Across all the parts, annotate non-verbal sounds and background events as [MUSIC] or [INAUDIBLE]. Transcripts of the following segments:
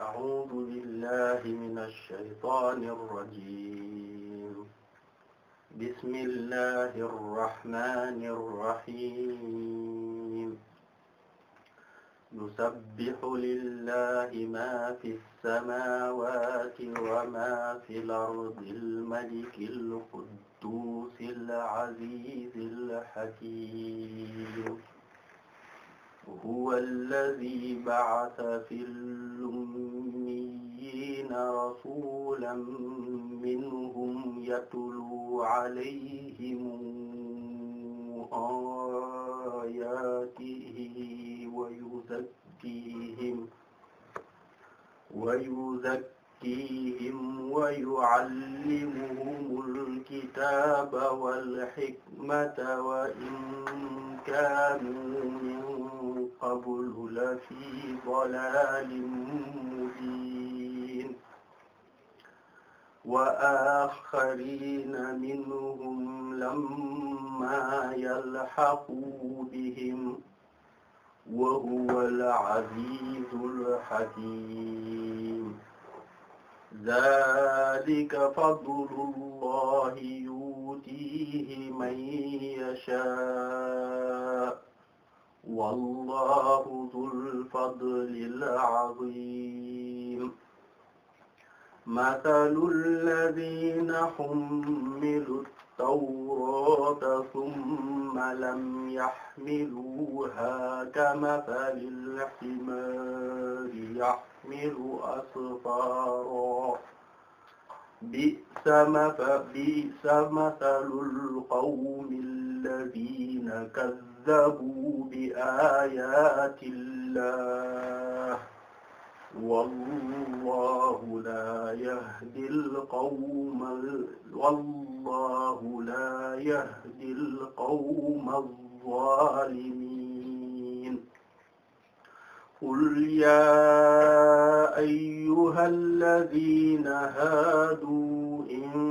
أعوذ بالله من الشيطان الرجيم بسم الله الرحمن الرحيم يسبح لله ما في السماوات وما في الأرض الملك القدوس العزيز الحكيم هو الذي بعث في الأميين رسولا منهم يتلو عليهم آياته ويزكيهم ويزكيهم يزكيهم ويعلمهم الكتاب والحكمة وإن كانوا من قبل لفي ضلال مبين وآخرين منهم لما يلحقوا بهم وهو العزيز الحكيم zaalika fadlullahi yu'tiihi man yashaa wallaahu zul fadlil aziim masalul laziina hummilu التوراة ثم لم يحملوها كمثل الحمار يحمل أسفارا بئس مثل القوم الذين كذبوا بآيات الله wallaahu laa yahdil qawmal wallaahu laa yahdil qawmal zaalimiin qul yaa ayyuhal laziina haaduu in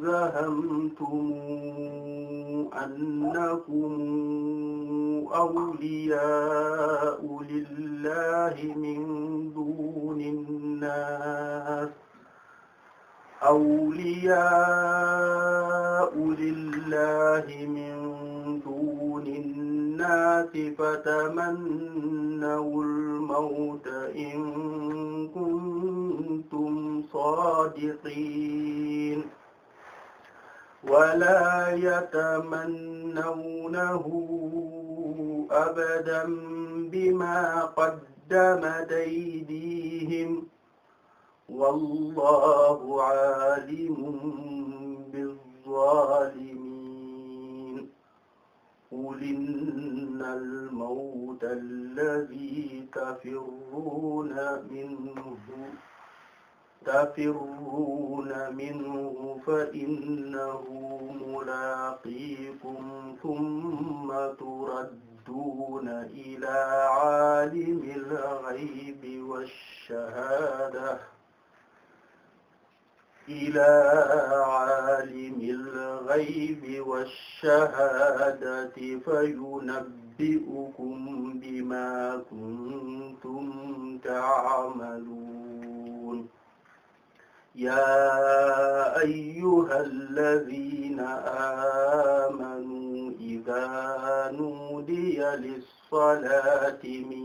zahamtum أنكم أولياء لله من دون الناس أولياء لله من دون الناس فتمنوا الموت إن كنتم صادقين ولا يتمنونه أبدا بما قدمت أيديهم والله عالم بالظالمين قل إن الموت الذي تفرون منه تفرون منه فإنه ملاقيكم ثم تردون إلى عالم الغيب والشهادة إلى عالم الغيب والشهادة فينبئكم بما كنتم تعملون يا أيها الذين آمنوا إذا نودي للصلاة من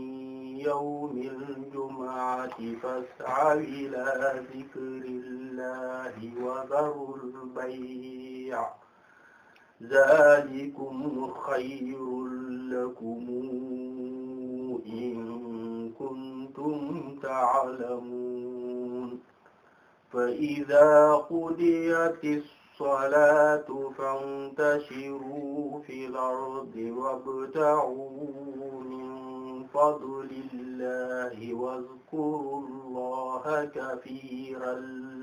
يوم الجمعة فاسعوا إلى ذكر الله وذروا البيع ذلكم خير لكم إن كنتم تعلمون فإذا قضيت الصلاة فانتشروا في الأرض وابتغوا من فضل الله واذكروا الله كثيرا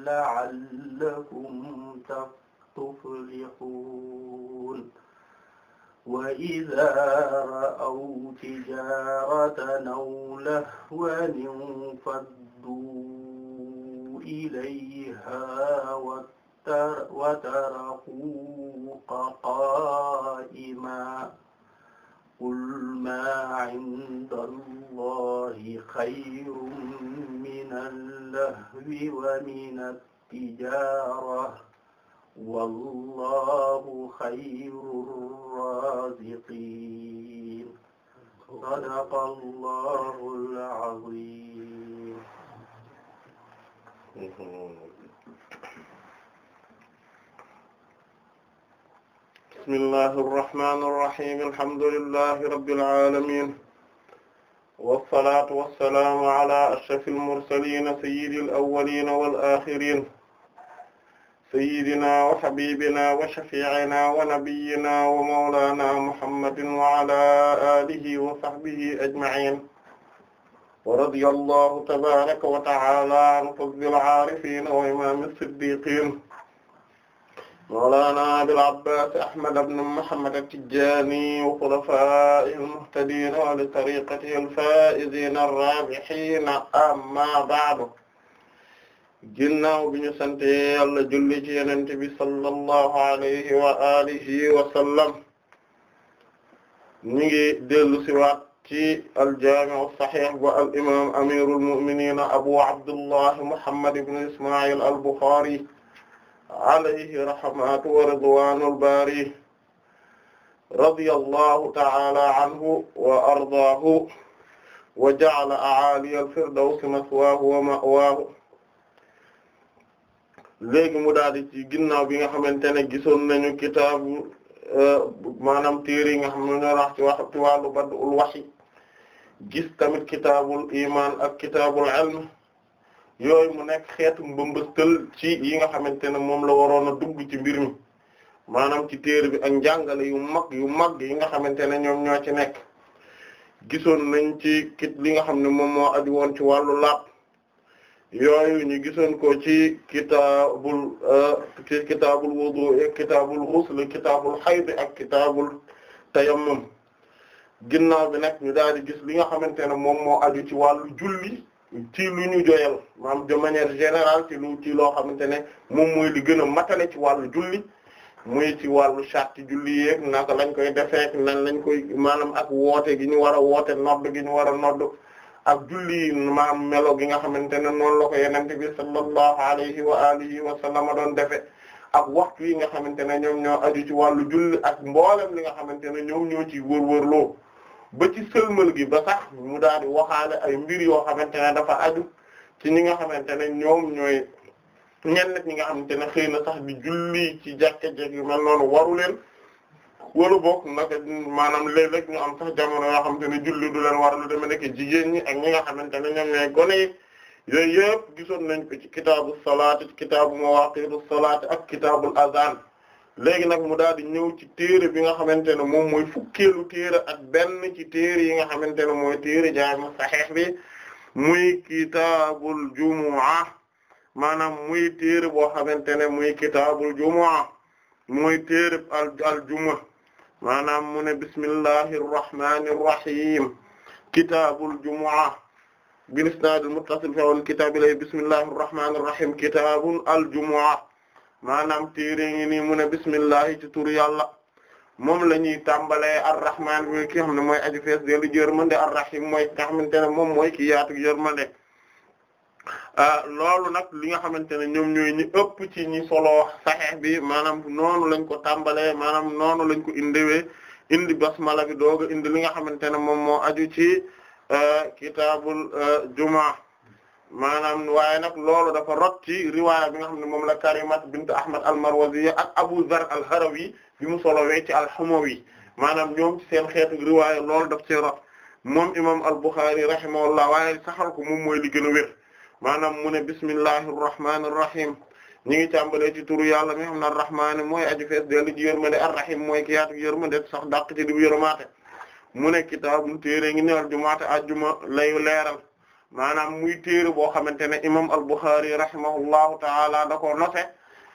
لعلكم تفلحون وإذا رأوا تجارة أو لهوا انفضوا إليها وتركوك قائما قل ما عند الله خير من اللهو ومن التجارة والله خير الرازقين صدق الله العظيم Mm-hmm. bismillahi irrahmani irrahim alhamdulillahi rabbil alamin wassalatu wassalaamu ala ashrafi almursalin sayyidi alawwalin wal akhirin sayyidina wa habibina wa shafi'ina wa nabiyyina wa mawlana muhammadin wa ala alihi wa sahbihi ajma'in ورضي الله تبارك وتعالى عن قطب العارفين وإمام الصديقين مولانا أبي العباس أحمد بن محمد التجاني وخلفائه المهتدين ولطريقته الفائزين الرابحين أما بعد ginnaaw bi ñu sant Yàlla julli ci Yonent bi sallallahu alayhi wa alihi wa sallam ñu ngi dellu ci waat ci al-Jaami' as-Sahiih ba al imaam amirul mu'miniin abu abdullah muhammad ibn isma'il al-Bukhari alayhi rahmatu wa ridwaanul baari radiyallahu ta'ala anhu wa ardaahu wa ja'ala a'aaliya al-firdawsi maswaahu wa ma'waahu léegi mu daal ci ginnaaw bi nga xamante ne gisoon nañu kitaabu eh, maanaam téere yi nga xam ne ñoo wax ci wàllu Bad'ul Wahyi gis tamit kitaabul iman ak kitaabul ilm yooyu mu nekk xeetu mbambastal ci yi nga xamante ne moom la waroon a dugg ci mbir mi maanaam ci téere bi ak njàngale yu mag yu mag yi nga xamante ne ñoom ñoo ci nekk gisoon nañ ci kit li nga xam ne moom moo aju woon ci wàllu laab yooyu ñu gisoon ko ci kitaabul ci kitaabul wudu ak kitaabul ghusl kitaabul hayd ak kitaabul tayammum ginnaaw bi nag ñu daal di gis li nga xamante ne moom moo aju ci wàllu julli ci lu ñu joyal maanaam de manière général ci lu ci loo xamante ne moom mooy li gën a matale ci wàllu julli muy ci wàllu charte julli yeeg naka lañ koy defeek nan lañ koy maanaam ak woote gi ñu war a woote nodd gi ñu war a nodd ak julli maam melo gi nga xamante ne noonu la ko yenente bi sallallahu alayhi wa alihi wa sallama doon defe ak waxtu yi nga xamante ne ñoom ñoo aju ci wàllu julli ak mboolem li nga xamante ne ñoom ñoo ci wër-wërloo ba ci sëlmal gi ba sax mu daal di waxaale ay mbir yoo xamante ne dafa aju ci ñi nga xamante ne ñoom ñooy ñenn ñi nga xamante ne xëy na sax di julli ci jàkka jekk yu mel noonu waru leen wala boog naka maanaam léeg ñu am sax jamono yoo xamante ne julli du leen war lu demee nekk jigéen ñi ak ñi nga xamante ne ñoom ñooy gone yi yooyu yëpp gisoon nañ ko ci kitaabu salaat ci kitaabu mawaaqiitu salaat ak kitaabul azaan léegi nag mu daal di ñëw ci téere bi nga xamante ne moom mooy fukkeelu téere ak benn ci téere yi nga xamante ne mooy téere jaami saxiix bi muy kitaabul jumu'a maanaam muy téere boo xamante ne muy kitaabul jumu'a muy téere maanaam mu ne bismillahir rahmanir rahim kitaabul jumu'a bi isnaadil muttasil fi awwal kitaab ilay bismillahir rahmanir rahim kitaabul aljumu'a maanaam téere ngi nii mu ne bismillahi ci turu yàlla moom la ñuy tàmbalee arrahman mooy ki xam ne mooy aju fees dellu yërmande arrahim mooy ki nga xamante ne moom mooy ki yaatu yërmande ah, loolu nag li nga xamante ne ñoom ñooy ñi ëpp ci ñi solo saxeex bi maanaam noonu lañ ko tàmbalee maanaam noonu lañ ko indiwee indi basmala bi dooga indi li nga xamante ne moom moo aju ci ah, kitaabul ah, jumaa maanaam waaye nag loolu dafa rot ci riwaaya bi nga xam ne moom la Karimat bint Ahmad al-Marwaziyya ak Abu Zar al-Harawi bi mu solowee ci al-Humawi maanaam ñoom ci seen xeetu riwaaya loolu daf ci rot moom imam al-Bukhari rahimahullah waaye saxal ko moom mooy li gën a wér maanaam mu ne bismillahir rahmanir rahim ñi ngi tàmbalee ci turu yàlla mi xam ne ar-Rahmaan mooy aji fees dellu ji yërmande ar-Rahim mooy ki yaatu yërmande sax dàq ci di bu yërmaate mu ne kitaabun téere ngi newal jumaate ajjuma lay leeral maanaam muy téere boo xamante ne imam al-Bukhari rahimahullahu taala da ko note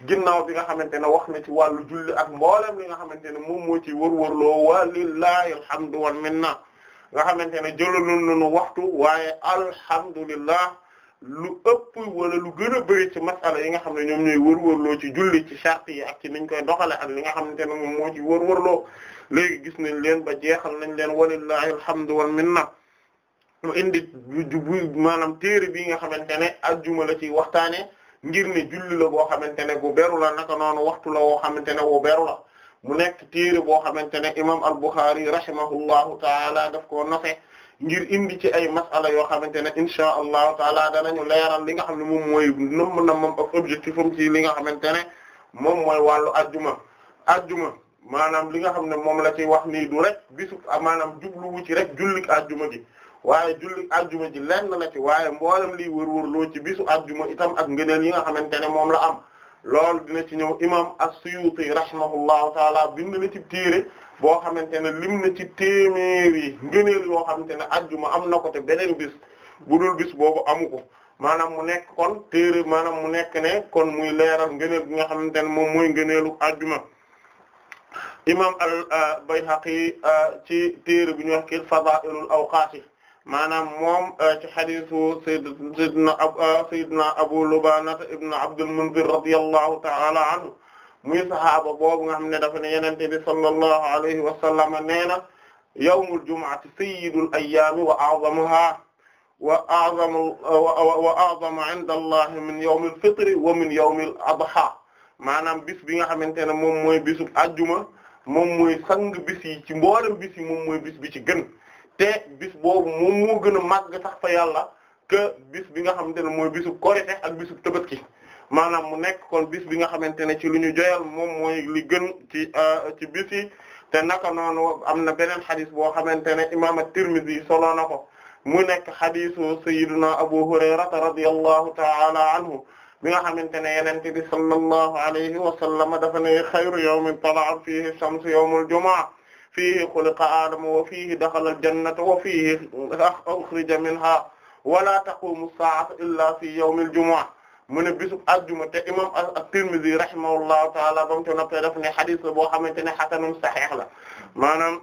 ginnaaw bi nga xamante ne wax na ci wàllu julli ak mboolem li nga xamante ne moom moo ci wërwërloo walillahi alhamdu wal minna nga xamante ne jëlalul nu waxtu waaye alhamdulillah lu ëpp wala lu gën a bëri ci masala yi nga xam ne ñoom wor wërwërloo ci julli ci charte yi ak ci niñ koy doxale ak li nga xamante ne moom moo wor wërwërloo léegi gis nañ leen ba jeexal nañ leen walillahi alhamdu wal minna mu indi maanaam téere bii nga xamante ne ajjuma la ci waxtaane ngir ne julli la boo xamante ne bu beru la naka noonu waxtu la woo xamante ne bu beru la mu nekk téere boo xamante ne imam al-Bukhari rahimahullahu taala daf koo nofe ngir indi ci ay masala yoo xamante ne inchaa allahu taala danañu leeral li nga xam ne moom mooy nëmm na moom ak objectif am ci li nga xamante ne moom mooy wàllu ajjuma ajjuma maanaam li nga xam ne moom la ci wax nii du rek maanaam jubluwu ci rek jullik ajjuma gi waaye julli ajuma ji lenn na ci waaye mboolem li wër-wër loo ci bisu ajjuma itam ak ngëneel yi nga xamante ne moom la am loolu dina ci ñëw imam as-Suyuti rahimahullahu taala bind na ci téere boo xamante ne lim na ci téeméeri ngëneel yoo xamante ne ajjuma am na ko beneen bis bu dul bis boobu amu ko maanaam mu nekk kon téere maanaam mu nekk kon muy leeral ngëneel bi nga xamante ne moom mooy ngëneelu ajjuma imam al Bayhaqi euh, ci téere bu ñuy wax Fadaa'ilul Awqaat maanaam moom euh, ci hadiisu sayyidina euh, sayyidina Abu Lubaana ibn Abdul Munzir radiyallahu ta'ala anhu muy sahaaba boobu nga xam ne dafa ne Yonent bi sallallahu alayhi wa sallam nee na yawmul jumu'ati sayyidul ayyaami wa a'zamuhaa wa a'zamu wa a'zamu 'inda Allahi min yawmil fitri wa min yawmil adhaa maanaam bis bi nga xamante ne moom mooy bisu àjjuma moom mooy sang bis yi ci mboolem bis yi moom mooy bis bi ci gën te bis boobu moom moo gën a màgg sax fa yàlla que bis bi nga xam xamante ne mooy bisu korite ak bisu tabaski maanaam mu nekk kon bis bi nga xamante ne ci lu ñu joyal moom mooy li gën ci euh, ci bis yi te naka noonu am na beneen xadis boo xamante ne imaam at-Tirmidhi solo na ko mu nekk xadisu sayyiduna Abu Hurayrata radiyallahu ta'ala anhu bi nga xamante ne yenente bi sallallahu alayhi wa sallam dafa ne xayru yawmin tala'a fihi shamsu yawmul jumu'a fiihi xuliqa aadama wa fiihi daxala aljannata wa fiihi uxrija minha wala taqumu saa'atu illa fi yawmil jumu'a mu ne bisub ajjuma te imam at-Tirmidhi rahimahullahu taala ba mu te noppee daf ne xadis la boo xamante ne xasanum saxiix la maanaam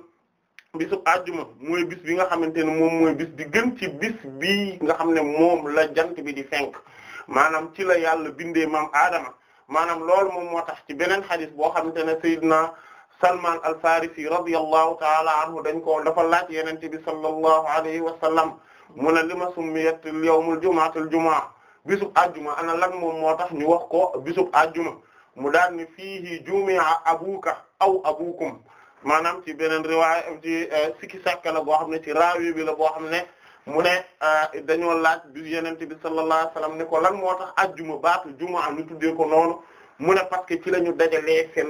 bisub ajjuma mooy bis bi nga xamante ne moom mooy bis di gën ci bis bii nga xam ne moom la jant bi di fenk maanaam ci la yàlla bindee maam aadama maanaam loolu moom moo tax ci beneen xadis boo xamante ne sayyidina Salman al-Farisi radiyallahu ta'ala anhu dañ ko dafa laaj Yonent bi sallallahu alayhi wa sallam mu ne lima summiyat yawmul jumu'atul jumu'a bisub ajjuma ana lan moom moo tax ñu wax ko bisub ajjuma mu daan ni fiihi jumi'a abuka aw abukum maanaam ci beneen riwaaya am ci eh, sikki sàkka la boo xam ne ci raawi bi la boo xam ne mu ne eh, dañoo laaj bi Yonent bi sallallahu alayhi wa ne ko lan moo tax ajjuma baatu jumu'a nu tuddee ko noonu mu ne parce que ci la ñu dajalee seen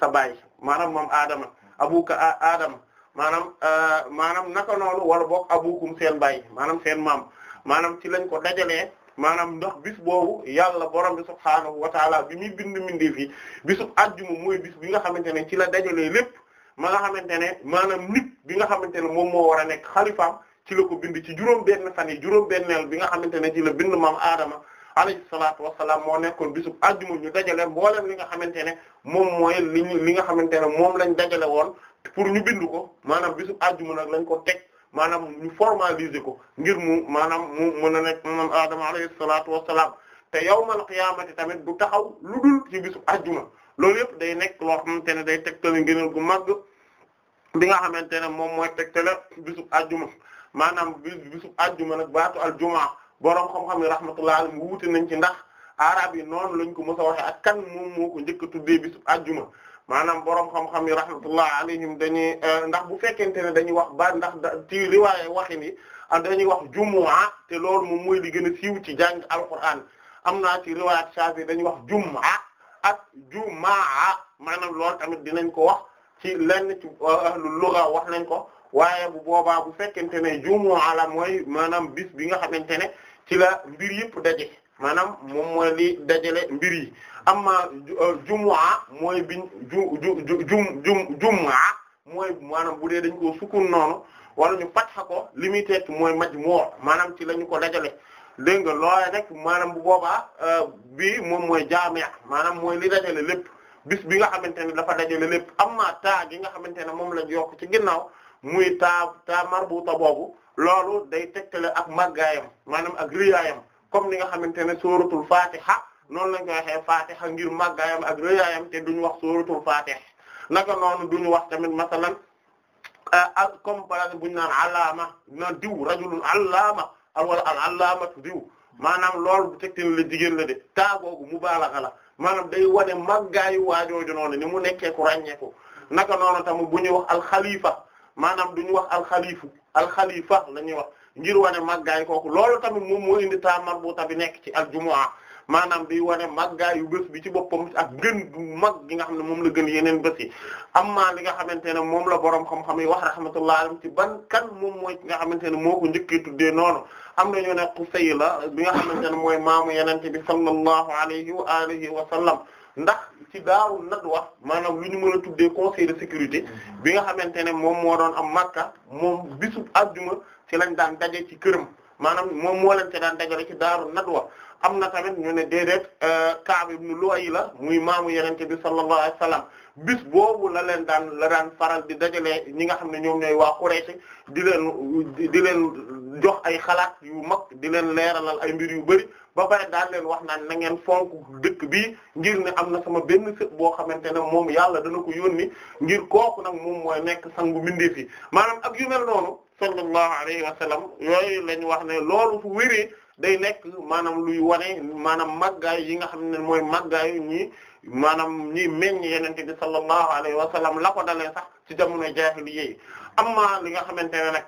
sa baay maanaam moom aadama abuka aadama maanaam euh, maanaam naka noonu wala boog abukum seen baay maanaam seen maam maanaam ci lañ ko dajalee maanaam ndax bis boobu yàlla borom bi subhaanahu wa taala bi muy bind mbindeef yi bisub àjjuma mooy bis bi nga xamante ne ci la dajalee lépp ma nga xamante ne maanaam nit bi nga xamante ne moom moo war a nekk xalifaam ci la ko bind ci juróom benn fan yi juróom benneel bi nga xamante ne ci la bind maam aadama alayhi salaatu wassalaam moo nekkoon bisub àjjuma ñu dajale mboolem li nga xamante ne moom mooy li ñu li nga xamante ne moom lañ dajale woon pour ñu bind ko maanaam bisub àjjuma nag lañ ko teg maanaam ñu formaliser ko ngir mu maanaam mu mën a nekk maanaam aadama alayhi salaatu wassalaam te yawmal qiyaamati tamit du taxaw lu dul ci bisub àjjuma loolu yëpp day nekk loo xamante ne day tegtale ngëneel gu màgg bi nga xamante ne moom mooy tegtale bisub àjjuma maanaam bisub àjjuma nag baatu aljumaa boroom xam-xam yi rahmatullah alayhi wuute nañ ci ndax arab yi noonu lañ ko mës a waxee ak kan moom moo ko njëkk a tuddee bisu àjjuma maanaam boroom xam-xam yi rahmatullah alayhim dañuy euh, ndax bu fekkente ne dañuy wax ba ndax ci riwaaye waxin yi ah, dañuy wax jumu'a te loolu moom mooy li gën a siiw ci jàng alquran am naa ci riwaayat Shafi dañuy wax jumu'a ak jumaa maanaam loolu tamit dinañ ko wax ci lenn ci euh, ahlul lugha wax nañ ko waaye bu boobaa bu fekkente ne jumu'a la mooy maanaam bis bi nga xamante ne ci la mbir yëpp daje maanaam moom mooy li dajale mbir yi amma euh, jumu'a mooy biñ ju ju jum jumu'a mooy maanaam bu dee dañ ko sukun noonu wala ñu fatxa ko li muy tekk mooy majmu' maanaam ci la ñu ko dajale dégg nga loolee rek maanaam bu boobaa euh, bi moom mooy jaami' maanaam mooy li dajale lépp bis bi nga xamante ne dafa dajale lépp amma taa gi nga xamante ne moom lañ yokk ci ginnaaw muy taa taa marbuta boobu loolu day tegtale ak màggaayam maanaam ak yam comme ni nga xamante ne sóoratul fatiha noonu lañ koy waxee fatiha ngir màggaayam ak rëyaayam te duñu wax sóoratul fatiha naka noonu duñu wax tamit masalan ak ah, comme par exemple bu ñu naan allaama naan diw rajulun allaama wala al allaamatu diw maanaam loolu bu tegtale la jigéen la de taa googu mubaalaxa la maanaam day wane màggaayu waajooju noonu ni mu nekkee ku ràññeeku naka noonu tamit bu ñuy wax alxalifa maanaam du ñu wax alxalifu alxalifa la ñuy wax ngir wane màggaay kooku loolu tamit moom moo indi taa marbuta bi nekk ci aljumu'a maanaam di wane màggaayu bés bi ci boppam ak gën bu mag gi nga xam ne moom la gën yeneen bés yi amma li nga xamante ne moom la borom xam-xam yi wax rahmatullah alayhi ci ban kan moom mooy ki nga xamante ne moo ko njëkkee tuddee noonu am nañu ne Qusay la bi nga xamante ne mooy maamu yenente bi sallallahu alayhi wa alihi wa sallam ndax ci daaru nadwa maanaam lu ñu mën a tuddee conseil de sécurité bi nga xamante ne moom moo doon am Makka moom bisub àjjuma ci lañ daan daje ci këram maanaam moom moo leen te daan dajale ci daaru nadwa am na tamit ñu ne déedéet euh, Kaab ibn Lu'ay la muy maamu yenente bi sallallahu alayhi wasallam bis boobu la leen daan la faral di dajalee ñi nga xam ne ñoom ñooy waa Quraysh di leen di leen jox ay xalaat yu mag di leen leeralal ay mbir yu bari ba pare daal leen wax naan na ngeen fonk dëkk bi ngir ne am na sama benn sët boo xamante ne moom yàlla dana ko yónni ngir kooku nag moom mooy nekk sangu mbindeef yi maanaam ak mel noonu sallallahu alayhi wa sallam yooyu lañ wax ne loolu fu wéree day nekk maanaam luy wane maanaam màggaay yi nga xam ne mooy màggaayu ñii maanaam ñi meññ yenente bi sallallahu alayhi wa sallam la ko dalee sax ci jamono jaahiliyya amma li nga xamante ne nag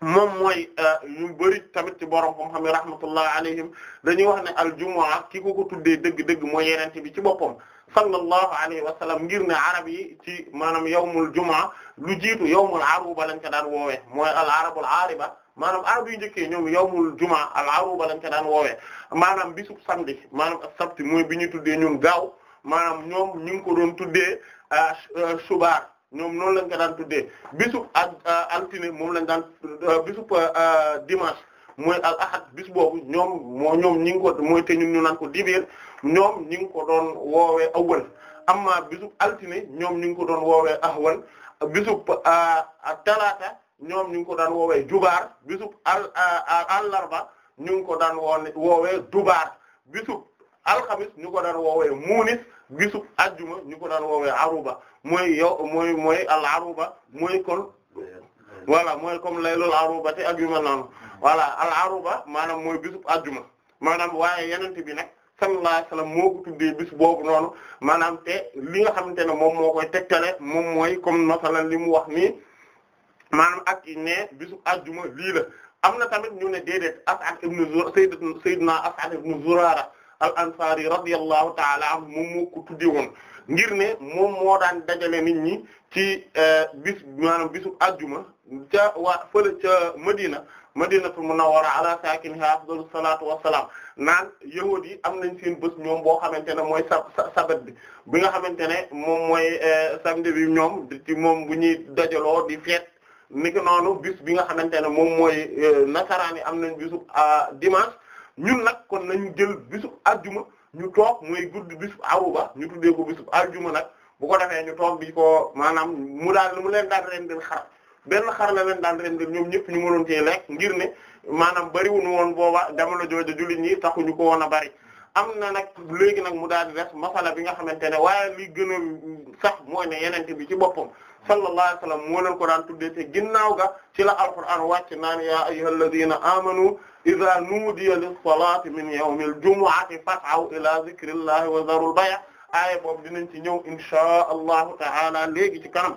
moom mooy euh, ñu bari tamit ci borom xam-xam yi rahmatullah alayhim dañuy wax ne aljumua ki ko ko tuddee dëgg-dëgg mooy yenente bi ci boppam sallallahu alayhi wa ngir ne arab yi ci maanaam yawmul jumaa lu jiitu yawmul aruba lañ ko daan woowee mooy al arabul ariba maanaam arab yu njëkkee ñoom yawmul jumaa al aruba lañ ko daan woowee maanaam bisub samedi maanaam sabti mooy bi ñuy tuddee ñun gaaw maanaam ñoom ñu ngi ko doon tuddee euh, euh, subaar ñoom noonu lañ ko daan tuddee bisu ak euh, altine moom lañ daan euh, bisu euh, dimanche mooy al ahad bis boobu ñoom moo ñoom ñi ngi ko mooy te ñu naan ko dibéer ñoom ñi ngi ko doon woowee awwal amma bisu altine ñoom ñu ngi ko doon woowee ahwal bisu talaata ñoom ñu ngi ko daan woowee jubaar bisu al àllarba ñu ngi ko daan woowee dubaar bisu alxamis ñu ko daan woowee muunis bisu ajuma ñu ko daal woowee aruba mooy yow mooy mooy al aruba mooy kon voilà mooy comme laylul aruba te ak yu mel noonu voilà al aruba maanaam mooy bisu ajuma maanaam waaye yenente bi nag sallallahu alayhi wasallam moo ko tuddee bis noonu maanaam te li nga xamante ne moom moo koy tegtale moom mooy comme masalan li mu wax nii maanaam ak ne bisu ajjuma lii la am na tamit ñu ne déedéet As'ad ibn Zurara Sayyidna al ansari radiyallahu taala anhu moom moo ko tudde woon ngir ne moom moo daan dajale nit ñi ci eh, bis maanaam bisu ajjuma ca waa fële ca Madina Madinatul Munawwara ala saakinihaa afdalu salaatu wassalaam naan yahuud yi am nañ seen bés ñoom boo xamante ne mooy sa sabat bi bi nga xamante ne moom mooy eh, samedi bi ñoom ci moom bu ñuy dajaloo di feet niki noonu bis bi nga xamante ne moom mooy eh, nasaraan yi am nañ bisu ah, dimanche ñun nag kon nañu jël bisub ajjuma ñu toog muy guddi bisub aruba ñu tuddee ko bisub ajjuma nag bu ko defee ñu toog di ko maanaam mu daal mu leen daal rendil xar benn xar la leen daal rendil ñoom ñëpp ñu mënoon cee lekk ngir ne maanaam bariwul woon booba jamono jooju jullit ñi taxuñu ko woon a bari am na nag léegi nag mu daal di des masala bi nga xamante ne waaye li gën a sax mooy ne yenente bi ci boppam sallallahu alayhi wasallam moo leen ko daan tuddee te ginnaaw ga ci la alquran wàcc naan yaa ayyuhal ladina amanu iza nuudiya lis-salaati min yawmil jumu'ati fas'aw ila zikrillahi wa zarul bay' aaya boobu dinañ ci ñëw inshaa allahu ta'ala léegi ci kanam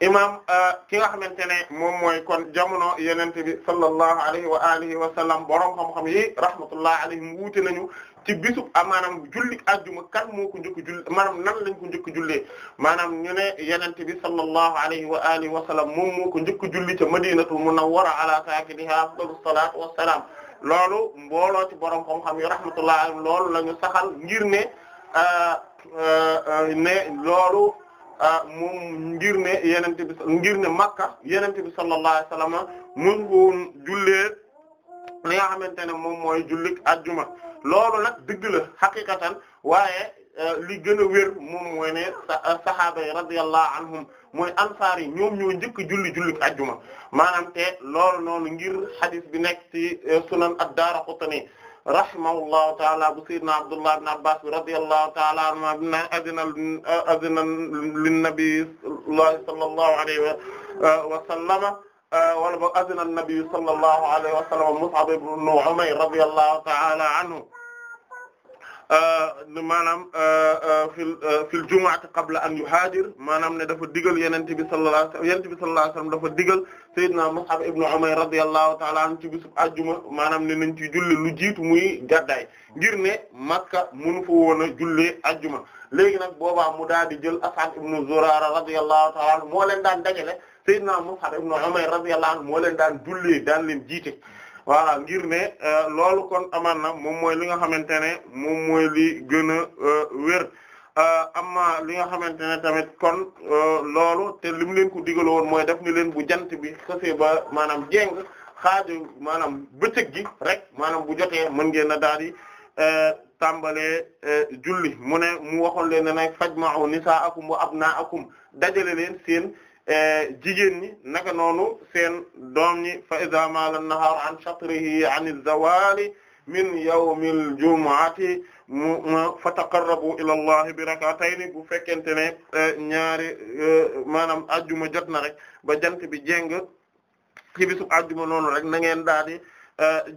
imam euh, ki nga xamante ne moom mooy kon jamono yenente bi sallallahu alayhi wa alihi wa sallam boroom xam-xam yi rahmatullah alayhim wuute nañu ci bisub a maanaam julli ajjuma kan moo ko njëkk julli maanaam nan lañ ko njëkk jullee maanaam ñu ne yenente bi sallallahu alayhi wa alihi wa sallam moom moo ko njëkk julli ca madinatul munawwara ala saakiniha afdalus salaatu wassalaam loolu mbooloo ci borom xam-xam yi rahmatullah alayhim loolu la ñu saxal ngir ne loolu moom ngir ne ngir makka yenente bi sallallahu alayhi wa sallam mun ko jullee li nga xamante ne moom mooy jullik ajjuma loolu nag dëgg la xaqiqatan waaye li gën a wér moom mooy ne sahaaba yi radiyallahu anhum mooy ansaar yi ñoom ñoo njëkk julli julli ajjuma maanaam te loolu noonu ngir xadis bi nekk ci sunan ad-Daaraqutni rahimahullahu taala bu sayyidina Abdullah ibn Abbas bi radiyallahu taala anhuma bina adina adina linnabi sallallahu alayhi wa sallama Euh, wala boog azina an-nabi sallallahu alayhi wa sallam Mus'ab ibn Umayr radiyallahu ta'ala anhu euh, maanaam euh, fil fil jumu'ati qabla an yuhaajir maanaam ne dafa digal yonent bi sallallahu alayhi wa sallam yonent bi sallallahu alayhi wa sallam dafa digal Seydina Mus'ab ibn Umayr radiyallahu ta'ala anhu ci bisub àjjuma maanaam ne nañ ci julli lu jiitu muy gàddaay ngir ne Makka mënu fa woon a jullee àjjuma léegi nag boobaa mu daal di jël As'ad ibn Zurara radiyallahu ta'ala anhu moo leen daan dajale. Seydina Mus'ab ibn Umayr radiyallahu anhu moo leen daan jullee daan leen jiite voilà ngir ne euh, loolu kon amaan na moom mooy li nga xamante ne moom mooy li gën a euh, wér euh, amma li nga xamante ne tamit kon loolu te lim leen ko digal woon mooy def ni leen bu jant bi xasee ba maanaam jéng xaaju maanaam bëccëg gi rek maanaam bu jotee mën ngeen a daal di tàmbalee julli mu ne mu waxoon leen ne nag fajma'u nisa'akum wa akum dajale leen seen E, jigéen ñi naka noonu seen doom ñi fa iza mala an-nahar an shatrihi an az min yawmi al mu fa taqarrabu ila bi rak'atayn bu fekkente ne e, ñaari e, maanaam ajjuma jot na ba jant bi jéng ci bisub ajjuma noonu rek na daal di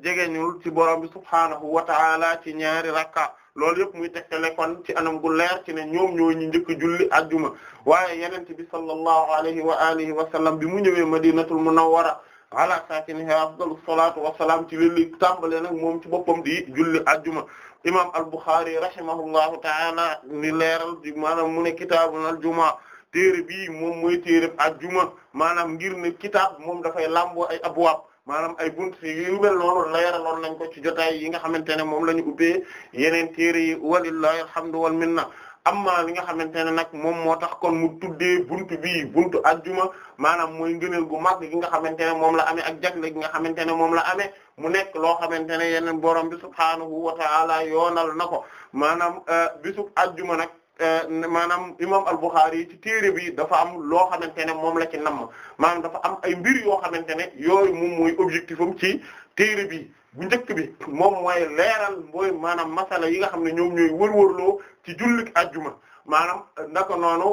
jegeñul ci borom bi subhaanahu wa ta'ala ci ñaari rakka loolu yëpp muy tegtale kon ci anam gu leer ci ne ñoom ñoo ñu njëkk julli ajjuma waaye yenente bi sallallahu alayhi wa alihi wa sallam bi mu ñëwee madinatul munawwara ala saakiniha afdalu salatu wasalaam ci lilli tàmbale nag moom ci boppam di julli ajjuma imam al-Bukhari rahimahullahu ta'ala ni leeral di maanaam mu ne kitaabun al-juma téere bii moom muy mooy téere ajjuma maanaam ngir ne kitaab moom dafay làmboo ay abwaab maanaam ay buntu yu mel noonu leeraloon nañ ko ci jotaay yi nga xamante ne moom la ñu ubbee yeneen téere yi walillahi alhamdu wal minna amma li nga xamante ne nag moom moo tax kon mu tuddee bunt bii buntu ajjuma maanaam mooy ngëneel gu mag gi nga xamante ne moom la amee ak jagle gi nga xamante ne moom la amee mu nekk loo xamante ne yeneen borom bi subhaanahu wa ta'ala yoonal na ko maanaam euh, bisu ajjuma nag Eh, maanaam imam al-Bukhari ci téere bi dafa am loo xamante ne moom la ci namm maanaam dafa am ay mbir yoo xamante ne yooyu moom mooy objectif ci téere bi bu njëkk bi moom mooy leeral mooy maanaam masala yi nga xam ne ñoom ñooy wërwërloo ci jullik ajjuma maanaam naka noonu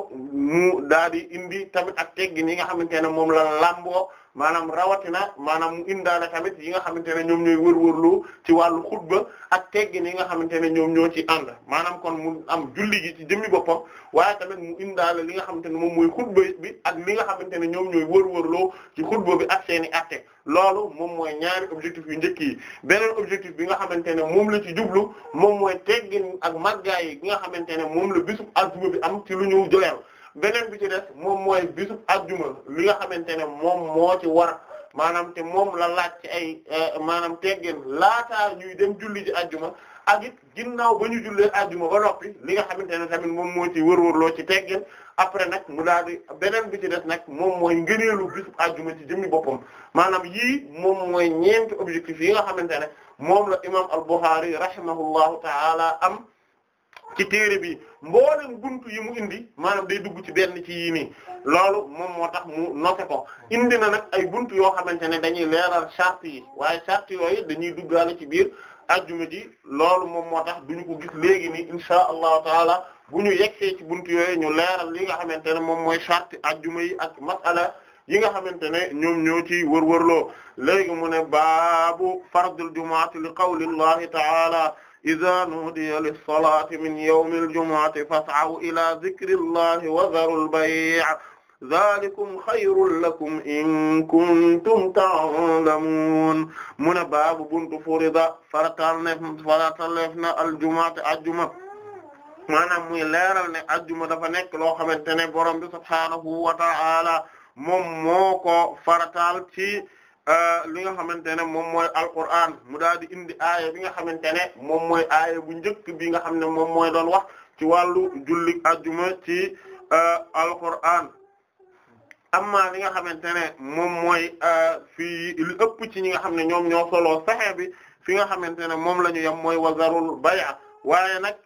mu daal di indi tamit ak teggin yi nga xamante ne moom la làmboo maanaam rawatina maanaam mu indaale tamit yi nga xamante ne ñoom ñooy wër-wërlu ci wàllu xutba ak teggin yi nga xamante ne ñoom ñoo ci ànd maanaam kon mu am julli gi ci jëmmi boppam waaye tamit mu indaale li nga xamante ne moom mooy xutba bi ak li nga xamante ne ñoom ñooy wër-wërloo ci xutba bi ak seeni atte loolu moom mooy ñaari objectif yu njëkk yi beneen objectif bi nga xamante ne moom la ci jublu moom mooy teggin ak màggaay yi nga xamante ne moom la bisub àjjuma bi am ci lu ñu joyal beneen bi ci des moom mooy bisub ajjuma li nga xamante ne moom moo ci war maanaam te moom la laaj ci ay euh, maanaam teggeen laataa ñuy dem julli ji ajjuma ak it ginnaaw ba ñu jullee ajuma ba noppi li nga xamante ne tamit moom moo ci wërwër loo ci teggeen après nag mu daal di beneen bi ci des nag moom mooy ngëneelu bisub ajjuma ci jëmmi boppam maanaam yii moom mooy ñeenti objectif yi nga xamante ne moom la imam al-Bukhari rahimahullahu ta'ala am ci téere bi mboolem buntu yi mu indi maanaam day dugg ci benn ci yii nii loolu moom moo tax mu noté indi na nag ay buntu yoo xamante ne dañuy leeral charte yi waaye charte yooyu dañuy duggaale ci biir ajjuma ji loolu moom moo tax duñu ko gis léegi nii insha allahu taala bu ñu yegsee ci buntu yooyu ñu leeral li nga xamante ne moom mooy charte ajjuma yi ak masala yi nga xamante ne ñoom ñoo ci wërwërloo léegi mu ne baabu fardul jumaati li qawlillahi taala iza nudiya lis-salaati min yawmil jumu'ati fas'aw ila dhikrillahi wa dharul bay' zalikum xayrun lakum in kuntum ta'lamun mu ne baabu buntu furida faratal ne faratalef na aljumate ajjuma maanaam muy leeral ne ajjuma dafa nekk loo xamante ne borom bi subhaanahu wa ta'ala moom moo ko faratal ci Euh, li nga xamante ne moom mooy alquran mu daal di indi aaya bi nga xamante ne moom mooy aaya bu njëkk bi nga xam ne moom mooy doon wax ci wàllu julli ajjuma ci euh, alquran amma li nga xamante ne moom mooy euh, fii li ëpp ci ñi nga xam ne ñoom ñoo soloo saxe bi fi nga xamante ne moom la ñu yem mooy wazarul bay'a waaye nag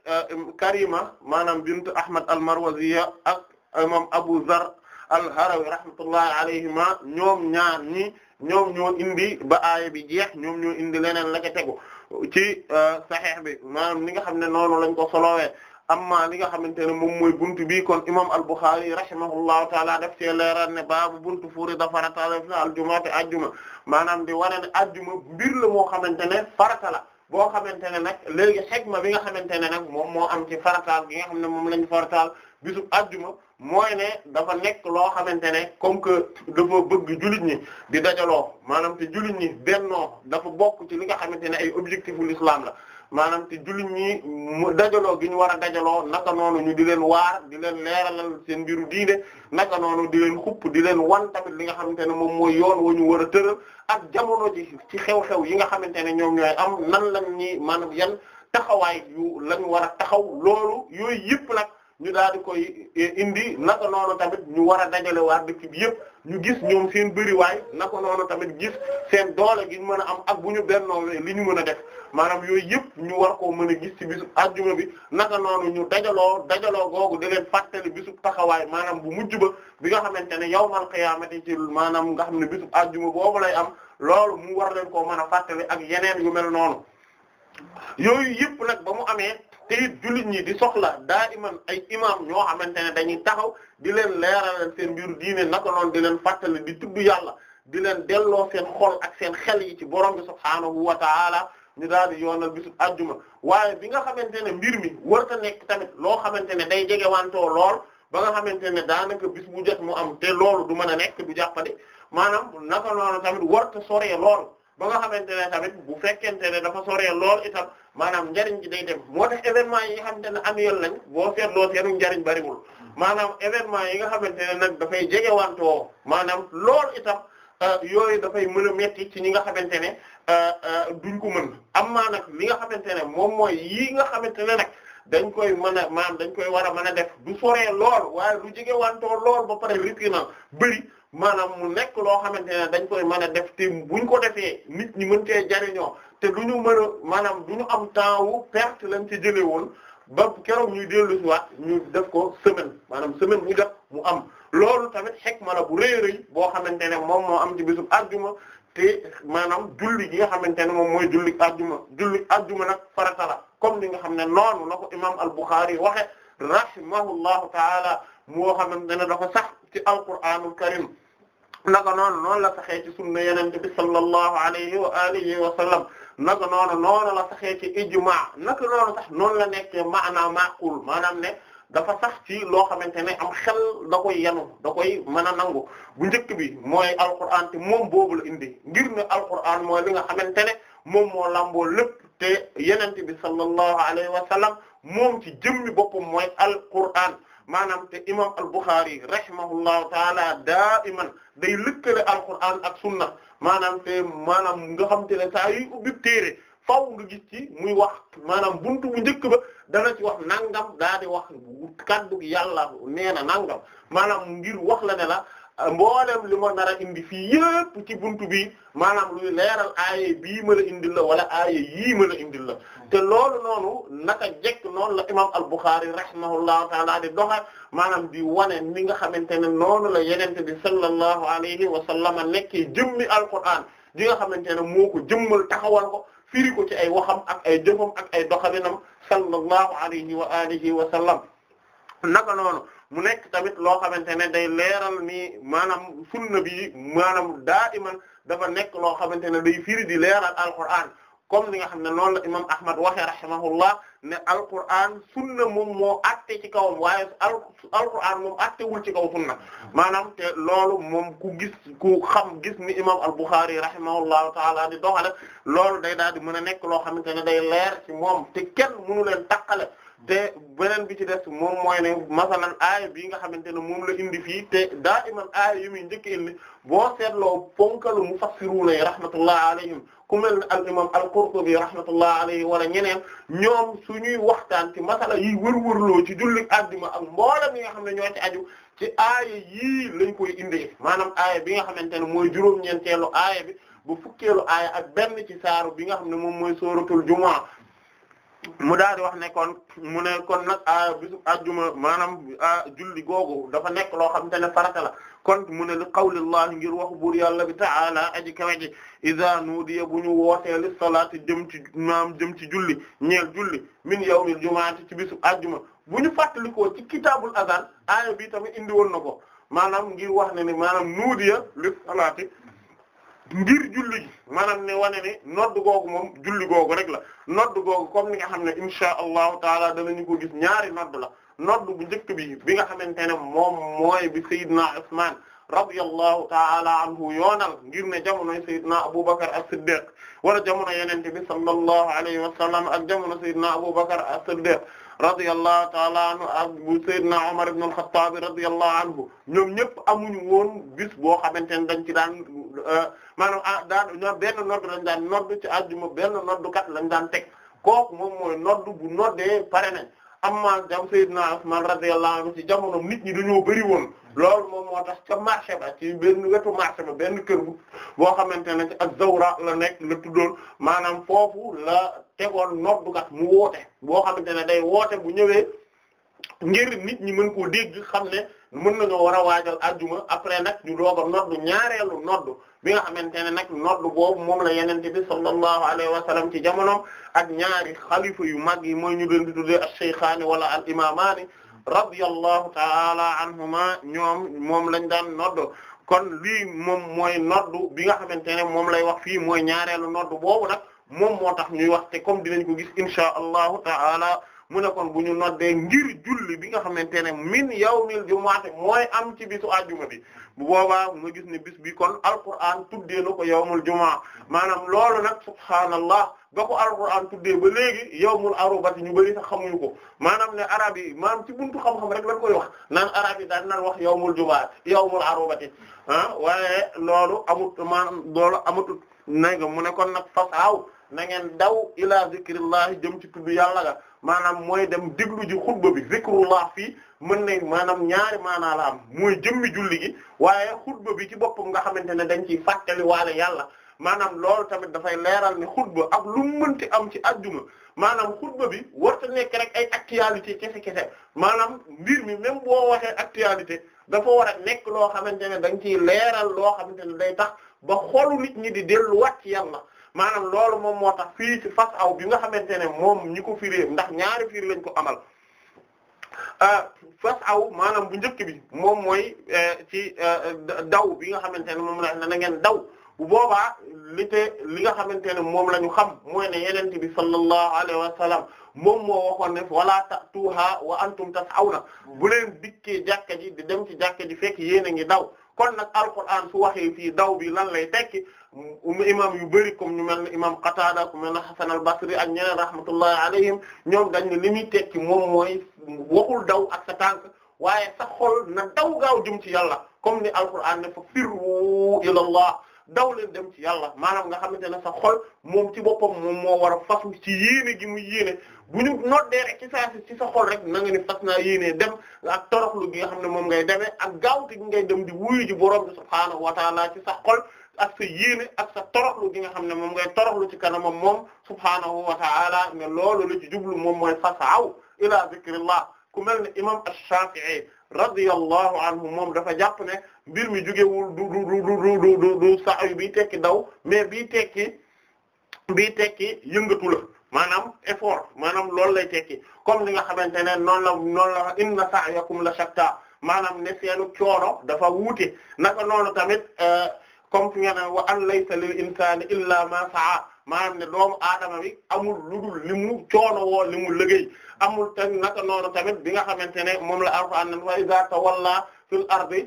karima maanaam bint ahmad al marwaziya ak imam abu zar al harawi rahmatullahi alayhima ñoom ñaar ñi ñoom ñoo indi ba aaya bi jeex ñoom ñoo indi leneen la ca tegu ci euh, saxeex bi maanaam li nga xam ne noonu lañ ko solowee amma li nga xamante ne moom mooy buntu bi kon imam al-Bukhari rahimahullahu taala daf cee leeral ne baabu buntu furida farataala fi al-jumu'a te ajjuma maanaam di wane ne ajjuma mbir la moo xamante ne farata la boo xamante ne nag léegi ma bi nga xamante ne nag moom moo am ci farataal nga xam ne moom lañ farataal bisub ajjuma mooy ne dafa nekk loo xamante ne comme que dafa bëgg jullit ñi di dajaloo maanaam te jullit ñi bennoo dafa bokk ci li nga xamante ne ay objectif u l'islam la maanaam te jullit ñi dajaloo gi ñu war a dajaloo naka noonu ñu di leen waar di leen leeralal seen mbiru diine naka noonu di leen xupp di leen wan tamit li nga xamante ne moom mooy yoon wu ñu war a tëral ak jamono ji ci xew-xew yi nga xamante ne ñoom ñooy am nan lañ ñi maanaam yan taxawaay yu lañ war a taxaw loolu yooyu yëpp nag ñu daal di koy e, indi naka noonu tamit ñu war a dajale waa dëkk bi yëpp ñu gis ñoom seen bëriwaay naka noonu tamit gis seen doole gi ñu mën a am ak bu ñu bennoowee li ñu mën a def maanaam yooyu yëpp ñu war koo mën a gis ci bisu ajjuma bi naka noonu ñu dajaloo dajaloo googu di leen fàttali bisu taxawaay maanaam bu mujj ba bi nga xamante ne yawmal qiyaamati ci maanaam nga xam ne bisu ajjuma boobu lay am loolu mu war leen koo mën a fàttali ak yeneen yu mel noonu yooyu yëpp nag ba mu amee. te it ñi di soxla daa iman ay imam ñoo xamante ne dañuy taxaw di leen leeralal seen mbiru diine naka noonu di leen fàttali di tudd yàlla di leen delloo seen xol ak seen xel yi ci borom bi subhaanahu wa taala ñu daal di yoonal bisu ajjuma waaye bi nga xamante ne mbir mi warta nekk tamit loo xamante ne day jege wantoo lool ba nga xamante ne daanaka bis bu jot mu am te loolu du mën a nekk du jàppale maanaam naka noonu tamit warta sore lool ba nga xamante ne tamit bu fekkente ne dafa sore lool itam maanaam njariñ bi day dem moo tax événement yi nga xamante ne annuel lañ boo seetloo seenu njariñ bariwul maanaam événement yi nga xamante ne nag dafay jegewantoo maanaam loolu itam euh, yooyu dafay mën a metti ci ñi nga xamante ne euh, euh, duñ ko mën am maa nag li nga xamante ne moom mooy nga xamante ne dañ koy mën a maanaam dañ koy war a mën a def du soree lool waaye du jegewantoo lool ba pare rétinant bëri maanaam mu nekk loo xamante ne dañ koy mën a def te buñ ko defee nit ñi mën cee jariñoo te duñu ñu mën a maanaam du ñu am temps wu perte lañ ci jëlee woon ba keroog ñuy dellu si waat ñu def ko semaine maanaam semaine bu jot mu am loolu tamit xikma la bu rëy boo xamante ne moom moo am ci bisub àjjuma te maanaam julli gi nga xamante ne moom mooy julli àjjuma julli àjjuma nag farata la comme ni nga xam ne noonu la ko imaam al-Bukhari waxe rahimahullahu taala moo xamante ne dafa sax ci alquraanul karim naka noonu noonu la saxee ci sunna yenente bi sallallahu alayhi wa alihi wa sallam naka noonu noonu la saxee ci ijmaa naka noonu sax noonu la nekkee maanaam maqul maanaam ne dafa sax ci loo xamante ne am xel da koy yanu da koy mën a nangu bu njëkk bi mooy alquran te moom boobu indi ngir ne alquran mooy li nga xamante ne moom moo lamboo lépp te yenente bi sallallahu alayhi wa sallam moom ci jëmmi boppam mooy alquran maanaam te imam al-Bukhari rahimahullahu taala daa iman day lëkkale alquran ak sunna maanaam te maanaam nga xam te ne saa yuy ubbi téere faaw nga gis ci muy wax maanaam buntu bu njëkk ba dana ci wax nangam daa di wax kaddu gi yàlla nee na nangam maanaam ngir wax la ne la mboolem li ma nar indi fii yëpp ci buntu bi maanaam luy leeral aaye bii ma la indil wala aaye yii ma la indil la te loolu noonu naka jekk noonu la imam al-Bukhari rahimahullahu taala di doxa maanaam di wane ni nga xamante ne noonu la yenente bi sallallahu alayhi wa sallama nekkee jëmmi alquran di nga xamante ne moo ko taxawal ko firi ko ci ay waxam ak ay jëfam ak ay doxalinam sallallahu alayhi wa alihi wa sallam naka noonu mu nekk tamit loo xamante ne day leeral ni maanaam sunna bi maanaam daa iman dafa nekk loo xamante ne day firi di leeral alquran comme li nga xam ne noonu la imam ahmad waxe rahimahullah ne alquran sunna moom moo atte ci kawam waaye alquran moom attewul ci kaw sunna maanaam te loolu moom ku gis ku xam gis ni imam al-Bukhari rahimahullahu taala di doxale loolu day daal di mën a nekk loo xamante ne day leer ci moom te kenn mënu leen taqale te beneen bi ci des moom mooy ne masalan aaya bii nga xamante ne moom la indi fii te daa iman aaya yi muy njëkk indi boo seetloo ponkalu mufassiruna yi rahmatullah alayhim ku mel ne al imam al-Qurtubi rahmatullah alayhi wala ñeneen ñoom suñuy waxtaan ci masala yi wër-wërloo ci julli addima ak mboolem yi nga xam ne ñoo ci aju ci aaya yii lañ koy indee maanaam aaya bi nga xamante ne mooy juróom-ñeenteelu aaya bi bu fukkeelu aaya ak benn ci saaro bi nga xam ne moom mooy sooratul jumaa mu daal di wax ne kon mu ne kon nag a ah, bisu maanaam a ah, julli googu dafa nekk loo xamante ne farata kon mu ne li qawlillahi ngir wax buur yàlla bi ta'ala aji kawe ji iza nudiya bu ñu wootee li salaati jëm ci maam jëm ci julli ñeel julli min yawmil jumaati ci bisu ajjuma bu ñu fàttalikoo ci kitaabul azan aaya bi tamit indi woon na ko maanaam ngir wax ne ne maanaam nudiya li salaati ngir julli gi maanaam ne wane ne nodd googu moom julli googu rek la nodd googu comme ni nga xam ne insha allahu taala danañu ko gis ñaari nodd la nodd bu njëkk bi bi nga xamante ne moom mooy bi Seydina Usmaan radiyallahu taala anhu yoonal ngir ne jamonoy Seydina Abubakar as-Siddiq wala jamono yenente bi sallallahu alayhi wa sallam ak jamono Seydina Abubakar as-Siddiq radiyallahu ta'ala anhu ak bu Seydina Umar ibn al-Khattab radiyallahu anhu ñoom ñëpp amuñu woon bis boo xamante ne dañ ci daan euh, maanaam ah, daan ñoom benn nodd lañ daan nodd ci àjjuma benn noddukat lañ daan teg kooku moom mooy nodd bu noddee pare nañ amma jam Seydina Usman radiyallahu anhu ci jamono nit ñi dañoo bëri woon loolu moom moo tax ca marché ba ci benn wetu marché ba benn kër bu boo xamante ne ci az-Zawra la nekk la tuddoon maanaam foofu la tegoon noddukat mu woote boo xamante ne day woote bu ñëwee ngir nit ñi mën koo dégg xam ne mën nañoo war a waajal ajjuma après nag ñu doog a noddu ñaareelu noddu bi nga xamante ne nag noddu boobu moom la yenente bi sallallahu alayhi wa sallam ci jamonoom ak ñaari xalifa yu mag yi mooy ñu leen di tuddee as wala al-imaamaani radiyallahu taala anhuma ñoom moom lañ daan noddu kon lii moom mooy noddu bi nga xamante ne moom lay wax fii mooy ñaareelu noddu boobu nag moom moo tax ñuy wax te comme dinañ ko gis insha allahu taala mu nekkoon bu ñu noddee ngir julli bi nga xamante ne min yawmil jumu'ati mooy am ci bisu àjjuma bi bu boobaa nga gis ne bis bi kon alquran tuddee na ko yawmul jumaa maanaam loolu nag subhaanallah ba ko alquran tuddee ba léegi yawmul arubati ñu bari sax xamuñu ko maanaam ne arab yi maanaam ci buntu xam-xam rek lañ koy wax naan arab yi daan naan wax yawmul jumaa yawmul arubati ah waaye loolu amut maanaam loolu amutut na nga mu ne nag fasaaw na ngeen daw ila zikrillah jëm ci tudd yàlla ga maanaam mooy dem déglu ji xutba bi zikrullah fii mën nañ maanaam ñaari maanaa la am mooy jëmmi julli gi waaye xutba bi ci boppam nga xamante ne dañ ciy fàttali waale yàlla maanaam loolu tamit dafay leeral ne xutba ak lu mu am ci àjjuma maanaam xutba bi war warta nekk rek ay actualité kese kese maanaam mbir mi même boo waxee actualité dafa war a nekk loo xamante ne dañ ciy leeral loo xamante ne day tax ba xolu nit ñi di delluwaat ci yàlla maanaam loolu moom moo tax fii ci fas aw bi nga xamante ne moom ñi ko firee ndax ñaari firi lañ ko amal euh, fas aw maanaam bu njëkk bi moom mooy euh, ci euh, daw bi nga xamante ne moom la na ngeen daw bu boobaa li li nga xamante ne moom la ñu xam mooy ne yenente bi sallallahu alayhi wa sallam moom moo waxoon ne wala tatuha wa antum tasawna bu leen dikkee jàkka ji di dem ci jàkka ji fekk yéen a ngi daw kon nag alquran su waxee fii daw bi lan lay tekki imam yu bëri comme ñu mel ne imam Qatada ku mel ne Hasan al-Basri ak ñeneen rahmatullahi ñoom dañ ne li muy tekki moom mooy waxul daw ak waaye sa xol na daw gaaw jëm ci yàlla comme ni alquran ne fa firru ila Allah daw leen dem ci yàlla maanaam nga xamante ne sa xol moom ci boppam moom moo a fasu ci yéene gi mu yéene bu ñu noddee rek ci saa ci sa xol rek na nga ni fas naa dem ak toroxlu gi nga xam ne moom ngay demee ak gaawte gi ngay dem di wuyu ji borom bi subhaanahu wa taala ci sa xol ak sa yéene ak sa toroxlu gi nga xam ne moom ngay toroxlu ci kanamam moom subhaanahu wa taala ne loolu la ci jublu moom mooy fasaaw ila zikrillah ku mel ne imam ash-Shafi'i radiyallahu anhu moom dafa jàpp ne mbir mi jugewul du du du du du du du tekki daw mais bii tekki bi tekki yëngatu la maanaam effort maanaam loolu lay tekki comme li nga xamante ne noonu la noonu la inna sa'yakum la shatta maanaam ne seenu coono dafa wuute naka noonu tamit euh, comme fi nga ne wa an laysa lil insani illa ma sa'a maanaam ne doomu aadama bi amul ludul li mu coono woo li mu amul te naka noonu tamit bi nga xamante ne moom la alquran wa iza tawalla fil ardi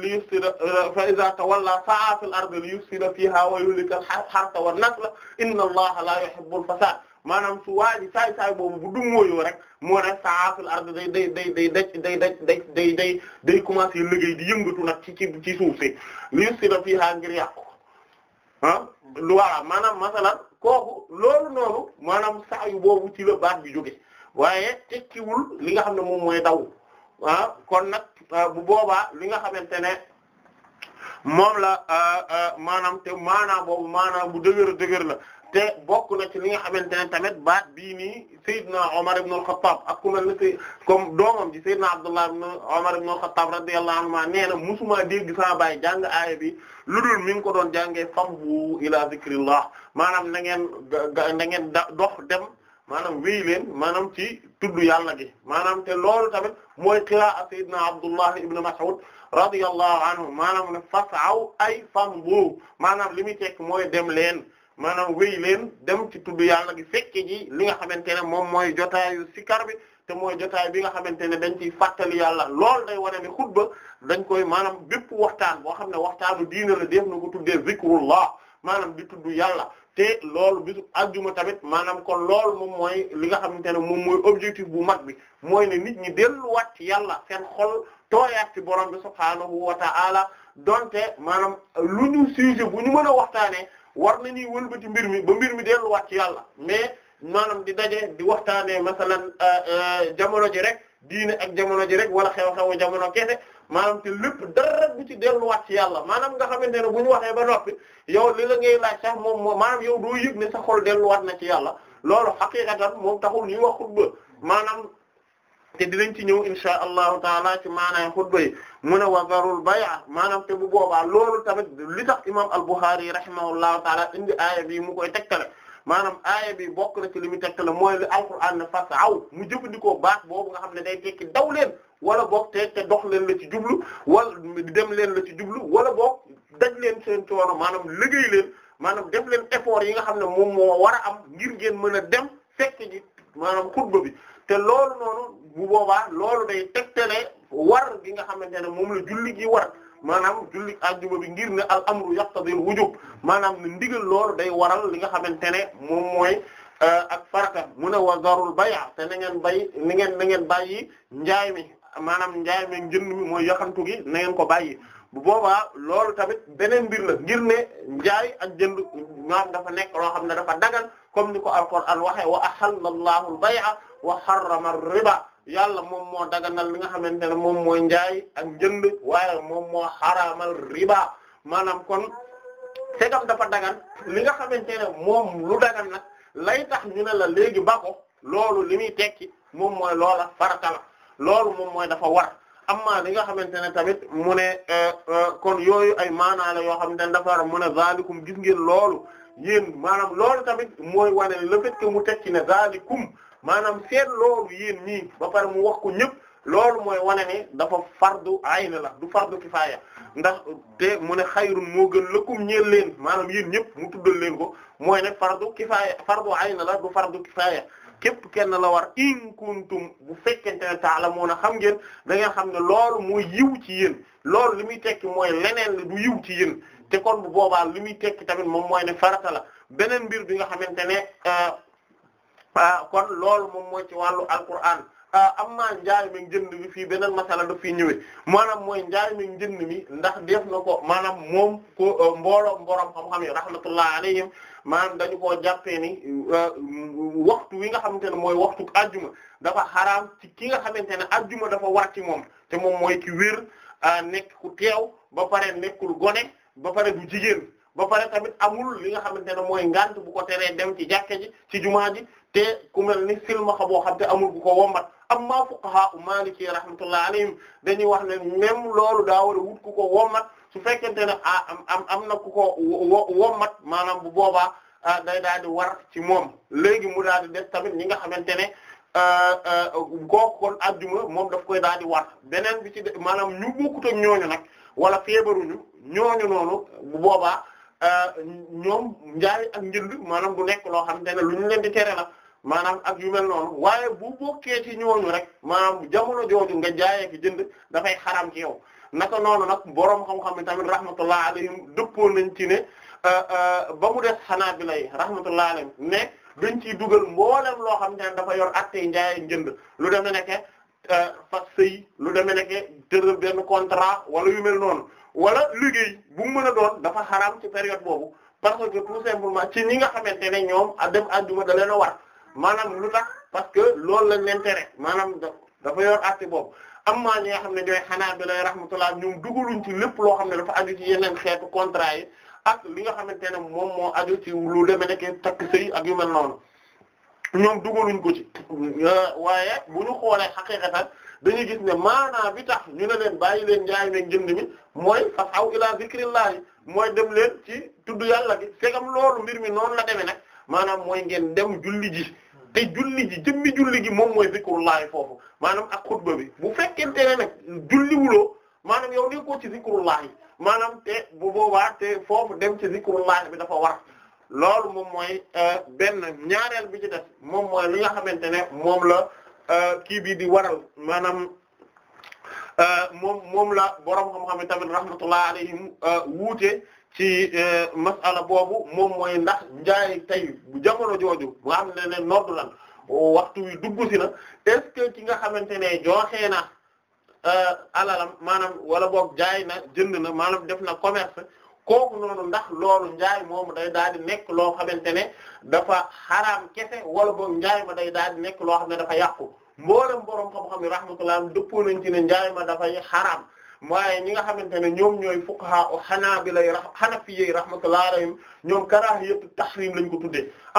li yufsida fa iza tawalla sa'a fil ardi li yufsida fiha wa yuhlika al-harsa wan nasla inna allaha la yuhibbu al-fasad maanaam su waa ji saay saay boobu bu dummóoyoo rek moo ne sa'a fil ardi day day day day daj day daj day day day day commencé liggéey di yëngatu nag ci ci ci suuf si li yufsida fiha ngir yàqu ah voilà maanaam masalan kooku loolu noonu maanaam saa yu boobu ci la baat bi jóge waaye tekkiwul li nga xam ne moom mooy daw Ah, kon nag ah, bu boobaa li nga xamante ne moom la ah, maanaam te maanaam boobu maanaam bu dëgër dëgër la te bokk na ci li nga xamante ne tamit baat bii nii Seydina Omar ibn al ak ku mel ne si comme doomam ji Seydina Abdullah ibn Omar ibn al-Khattab na musuma dégg saa baay jàng aaya bi lu dul mi ko doon jàngee fambu ila zikrillah maanaam na ngeen da ngeen dox dem maanaam wéy leen maanaam ci tudd yàlla gi maanaam te loolu tamit mooy qira'a sayyidina Abdullah ibn Mas'ud radiyallahu anhu maanaam ne fas'aw ay fambu maanaam li muy tekk mooy dem leen maanaam wéy leen dem ci tudd yàlla gi fekke ji li nga xamante ne moom mooy jotaayu sikar bi te mooy jotaay bi nga xamante ne dañ ciy fàttali yàlla loolu day wane ne xutba dañ koy maanaam bépp waxtaan boo xam ne waxtaanu diina la def na ko tuddee zikrullah maanaam di tudd yàlla te loolu bisu ajjuma tamit maanaam ko lool moom mooy li nga xamante ne moom mooy objectif bu mag bi mooy ne nit ñi delluwaat ci yàlla seen xol tooyaat ci borom bi subhaanahu wa ta'ala donte maanaam lu ñu sujet bu ñu mën a waxtaanee war nañuy wëlbati mbir mi ba mbir mi delluwaat ci yàlla mais maanaam di daje di waxtaanee masalan euh, euh, jamono ji rek diine ak jamono ji rek wala xew-xewu jamono kese maanaam ti lépp dara bu ci delluwaat ci yàlla maanaam nga xamante ne bu ñu waxee ba noppi yow li la ngay sax moom moo maanaam yow doo yëg ne sa xol delluwaat na ci yàlla loolu xaqiiqatan moom taxul ñuy wax xutba maanaam te dinañ ci ñëw insha allahu taala ci maana maanaam xutba yi mu ne wazarul bay'a maanaam te bu boobaa loolu tamit li tax imam al-Bukhari rahimahullahu taala indi aaya bi mu koy tegtale maanaam aaya bi bokk na ci li mu tegtale mooy li alquran ne fas aw mu jëfandikoo baax boobu nga xam ne day tekki daw leen wala boog te te dox leen la ci jublu wala dem leen la ci jublu wala boog daj leen seen coono maanaam liggéey leen maanaam dem leen effort yi nga xam ne moom moo war a am ngir ngeen mën a dem fekk ji maanaam xutba bi te loolu noonu bu boobaa loolu day tegtale war gi nga xamante ne moom la julli gi war maanaam julli àjjuma bi ngir ne al amru yaqtadil wujub maanaam ne ndigal loolu day waral li nga xamante ne moom mooy euh, ak farata mu ne wa zarul bay' te na ngeen bay na ngeen na ngeen bàyyi njaay mi maanaam njaay meeg njënd mi mooy yaxantu gi na ngeen ko bàyyi bu boobaa loolu tamit beneen mbir la ngir njaay ak jënd ñoom dafa nekk loo xam ne dafa dagal comme ni ko alquran waxee wa ahalla allahu al-bay'a wa harrama ar-riba yàlla moom moo daganal li nga xamante ne moom mooy njaay ak njënd waaye moom moo xaraamal riba maanaam kon segam dafa dagan li nga xamante ne moom lu dagan nag lay tax ñu ne la léegi ba loolu li muy tekki moom mooy loola farata la loolu moom mooy dafa war amma li nga xamante ne tamit mu ne euh, euh, kon yooyu ay maanaa la yoo xam ne dafa war mu ne zaalikum gis ngeen loolu yéen maanaam loolu tamit mooy wane le mu teg ci ne zaalikum maanaam seet loolu yéen ñii ba pare mu wax ñëpp loolu mooy wane ne dafa fardu ayn la du fardu kifaaya ndax te mu ne xayrun moo gën lëkkum ñeel leen maanaam yéen ñëpp mu tuddal leen ko mooy ne fardu kifaaya fardu ayn la du fardu kifaaya képp kenn la war in kuntum bu fekkente ne ta'lamuna xam ngeen da ngeen xam ne loolu muy yiw ci yéen loolu li muy tekki mooy leneen du yiw ci yéen te kon bu boobaa li muy tekki tamit moom mooy ne farata la beneen mbir bi nga xamante ne euh, euh, kon loolu moom mooy ci wàllu alquran euh, amma njaay mi njënd mi fii beneen masala daf fi ñëwee maanaam mooy njaay mi njënd mi ndax def na ko maanaam moom ko mbooloo mboroom xam-xam yi rahmatullah alayhim maanaam dañu ko jàppee ni euh, waxtu wi nga xamante ne mooy waxtu ajjuma dafa xaraam ci ki nga xamante ne ajjuma dafa war ci moom te moom mooy ki wér euh, nekk ku teew ba pare nekkul gone ba pare du jigéen ba pare tamit amul li nga xamante ne mooy ngant bu ko teree dem ci jàkke ji ci jumaa ji te ku ni silmaxa boo xam te amul bu ko wombat amma fuqaha u maliki rahmatullah alayhim dañuy wax ne même loolu daa war a ko wommat su fekkente ne ah, am am am na ku ko woo mat maanaam bu boobaa ah, day daal di war ci moom léegi mu daal di def tamit ñi nga xamante ne ah, kooku kon adduma moom daf koy daal war beneen bi ci maanaam ñu bokkut ak wala feebaruñu ñooñu noonu bu boobaa ñoom njaay ak njënd maanaam du nekk loo xamante ne lu ñu leen di tere la maanaam ak yu noonu waaye bu bokkee ci ñooñu rek maanaam jamono jooju nga jaayee ki jënd dafay xaram ci yow. naka noonu nag boroom xam-xam yi tamit rahmatullah alayhim dëppoo nañ ci ne euh, euh, ba mu des Hanaabila yi rahmatullah alayhim ne dañ ciy dugal mboolem loo xam ne dafa yor attey njaay njënd lu demee nekke euh, fas sëy lu demee nekke tëral benn contrat wala yu mel noonu wala liggéey bu mu mën a doon dafa xaraam ci période boobu parce que tout simplement ci ñi nga xamante ne ñoom a dem àjjuma da leen a war maanaam lu tax parce que loolu lañ leen tere maanaam dafa yor atte boobu amma ñi nga xam ne ñooy Hanaabila rahmatullah ñoom dugaluñ ci lépp loo xam ne dafa aju ci yeneen xeetu contrat yi ak li nga xamante ne moom moo aju ci lu deme nekk takk sëy ak noonu ñoom dugaluñ ko ci waaye bu ñu xoolee xaqiiqatan dañuy gis ne maanaa bi tax ñu ne leen bàyyi leen njaay meeg jënd mi mooy fasaw ila zikrillahi mooy dem leen ci tudd yàlla gi segam loolu mbir mi noonu la demee nag maanaam mooy ngeen dem julli ji te julli ji jëmmi julli gi moom mooy zikrullahi foofu maanaam ak xutba bi bu fekkente ne nag julliwuloo maanaam yow nekkoo ci zikrullahi maanaam te bu boobaa te foofu dem ci zikrullahi bi dafa war loolu moom mooy euh, benn ñaareel bi ci def moom mooy li nga xamante ne moom la euh, kii bii di waral maanaam euh, moom moom la borom xam-xam tamit rahmatullah alayhim wuute. ci euh, masala boobu moom mooy ndax njaay tey jamono jooju nga xam ne ne noddu lan waxtu wi dugg si na ki nga xamante ne joxe na euh, alalam maanaam wala boog jaay na jënd na maanaam def na commerce kooku noonu ndax loolu njaay moomu day daal di nekk loo xamante ne dafa xaraam kese wala boog njaay ma day daal di nekk loo xam ne dafa yàqu mboolem boroom xam-xam yi rahmatullah dëppoo nañ ci ne njaay ma dafay xaraam waaye ñi nga xamante ne ñoom ñooy fuqaha xanaabila xanafiyyi rahmatullahi alayhim ñoom karaahiyatu tahrim lañ ko ku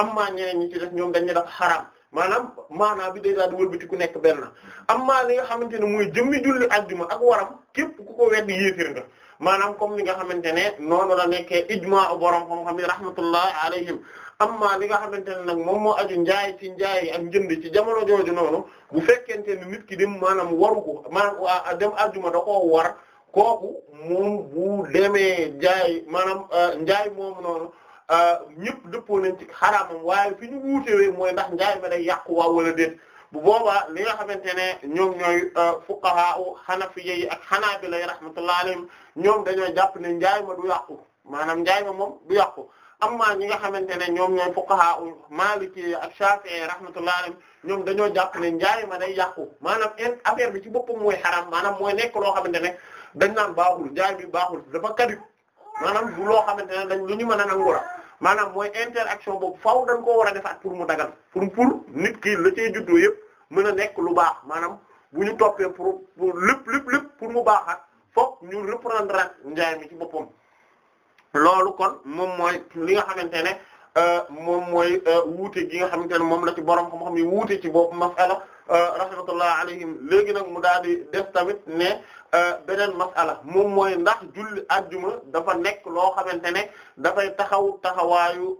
amma ñeneen ñi ci def ñoom dañu def xaraam maanaam maanaam bi day daal di wëlbati ku nekk benn amma li nga xamante ne mooy jëmmi julli ajjuma ak waram képp ku ko wedd yéefir nga maanaam comme li nga xamante ne noonu la nekkee ijmaa borom xam-xam yi rahmatullahi alayhim amma li nga xamante ne nag moom moo aju njaay ci njaay ak jënd ci jamono jooju noonu bu fekkente ne nit ki dem maanaam waru ko maanaam dem ajuma da koo war kooku moom bu demee njaay maanaam euh, njaay moomu noonu euh, ñëpp dëppoo nañ ci xaraamam waaye fi ñu wuutewee mooy ndax njaay ma day yàqu waa wala déet bu boobaa li nga xamante ne ñoom ñooy euh, fuqaha u hanafiyya yi ak hanabila yi rahmatullahi alayhim ñoom dañoo jàpp ne njaay ma du yàqu maanaam njaay ma moom du yàqu amma ñi nga xamante ne ñoom ñooy fuqaha u Maliki ak Shafi'i rahmatullahi alayhim ñoom dañoo jàpp ne njaay ma day yàqu maanaam affaire bi ci boppam mooy xaram maanaam mooy nekk loo xamante ne dañ naan baaxul njaay bi baaxul dafa kadib maanaam du loo xamante ne dañ lu ñu mën a nangu la maanaam mooy interaction boobu faaw dañ ko war a defaat pour mu dagal pour pour nit ki la cay juddoo yëpp mën a nekk lu baax maanaam bu ñu toppee pour pour lépp lépp lépp pour mu baaxaat fokk ñu reprendre ak njaay mi ci boppam loolu kon moom mooy li nga xamante ne euh, moom mooy euh, wuute gi nga xamante ne moom la ci borom xam-xam yi wuute ci boobu masala euh, rahmatullah alayhim léegi nag mu daal di def tamit ne beneen masala moom mooy ndax julli ajjuma dafa nekk loo xamante ne dafay taxaw taxawaayu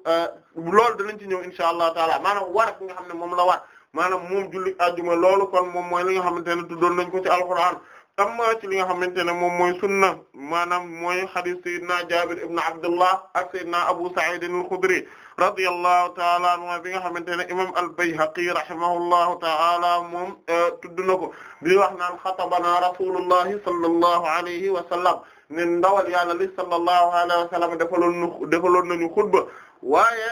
loolu dinañ ci ñëw insha allah taala maanaam war ki nga xam ne moom la war maanaam moom julli ajjuma loolu kon moom mooy li nga xamante ne tuddoon nañ ko ci alquran amma ci li nga xamante ne moom mooy sunna maanaam mooy hadith sayyidina Jabir ibn Abdullah ak sayyidina Abu Sa'id al-Khudri radiyallahu ta'ala anhu bi nga xamante ne imam al-Bayhaqi rahimahullahu ta'ala moom euh, tudd na ko bi wax naan xatabana rasulullahi sallallahu alayhi wa sallam ne ndawal yàlla li sallallahu alayhi wa sallam defaloon nu defaloon nañu xutba waaye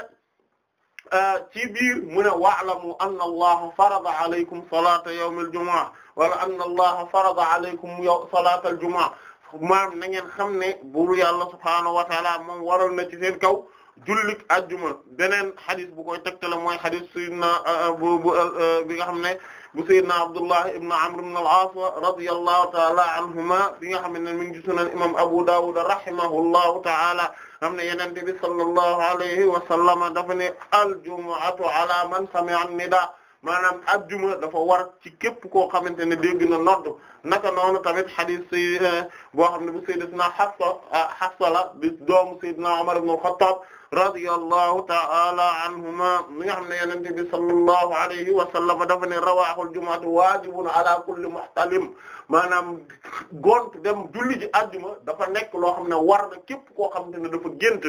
euh, ci biir mu ne wa'lamu anna allaha farada alaykum salata yawm al-jumu'ah wala anna allaha farada alaykum yow salaatal jumaa maam na ngeen xam ne buuru yàlla subhaanahu wa taala moom waral na ci seen kaw jullik ajjuma beneen xadis bu koy tegtale mooy xadis sayyidina euh, bu bu euh, bi nga xam ne bu sayyidina abdullah ibn amr ibn al-aas radiyallahu taala anhuma bi nga xam ne mi ngi sunan imam abu dawud rahimahullahu taala xam ne yenente bi sallallahu alayhi wa sallama dafa ne al jumu'atu ala man sami'a an-nidaa maanaam ajjuma dafa war ci képp koo xamante ne dégg na nodd naka noonu tamit xadis say eh, boo xam ne bu sayyidatuna Hafsa eh, Hafsa la di doomu sayyidina Umar ibn al-Khattab radiyallahu ta'ala anhuma mi nga xam ne yonent bi sallallahu alayhi wa sallam dafa ne rawaahul jumu'atu waajibun ala kulli muhtalim maanaam gont dem julli ji àjjuma dafa nekk loo xam ne war na képp koo xam ne dafa gént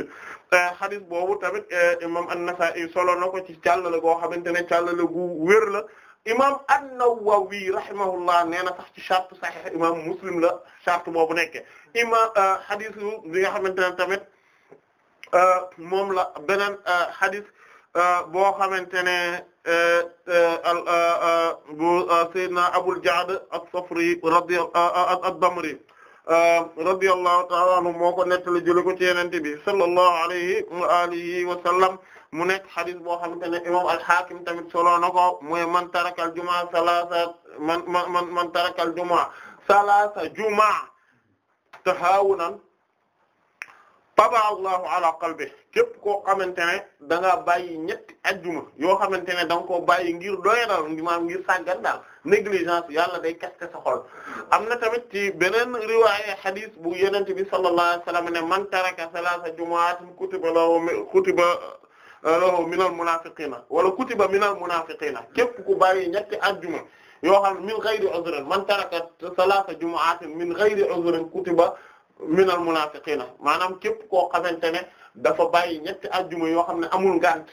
hadith eh, boobu tamit eh, imam an-Nasa'i solo na ko ci càllale goo xamante ne càllale gu wér la imam an-Nawawi rahimahullah nee na sax ci charte sahih imam Muslim la charte boobu nekke imam hadith eh, bi nga xamante ne tamit Euh, moom la beneen euh, hadith euh, boo xamante ne bu Seydina Abul Ja'd as-Safri radi ad-Damri radiyallahu ta'ala anhu moo ko nettali jële ko ci Yonent bi sallallahu alayhi wa alihi wa sallam mu nekk hadith boo xamante ne imam al-Hakim tamit solo na ko mooy man tarakal jumaa salaasa man man man tarakal jumaa salaasa jumaa tahawunan tabaa Allahu ala qalbi képp koo xamante ne da ngaa bàyyi ñetti ajjuma yoo xamante ne da bàyyi ngir doyadal maanaam ngir sàggan daal négligence yàlla day kaste sa xol am na tamit ci beneen riwaaya hadith bu yenente bi sallallahu alayhi wasallam ne man taraka salaasa jumu'atin kutiba lahu kutiba eh, lahu minal munaafiqiina wala kutiba minal munaafiqiina képp ku bàyyi ñetti ajjuma yoo xam min ghayri uzrin man minal munaafiqiina maanaam képp koo xamante ne dafa bàyyi ñetti ajjuma yoo xam ne amul ngant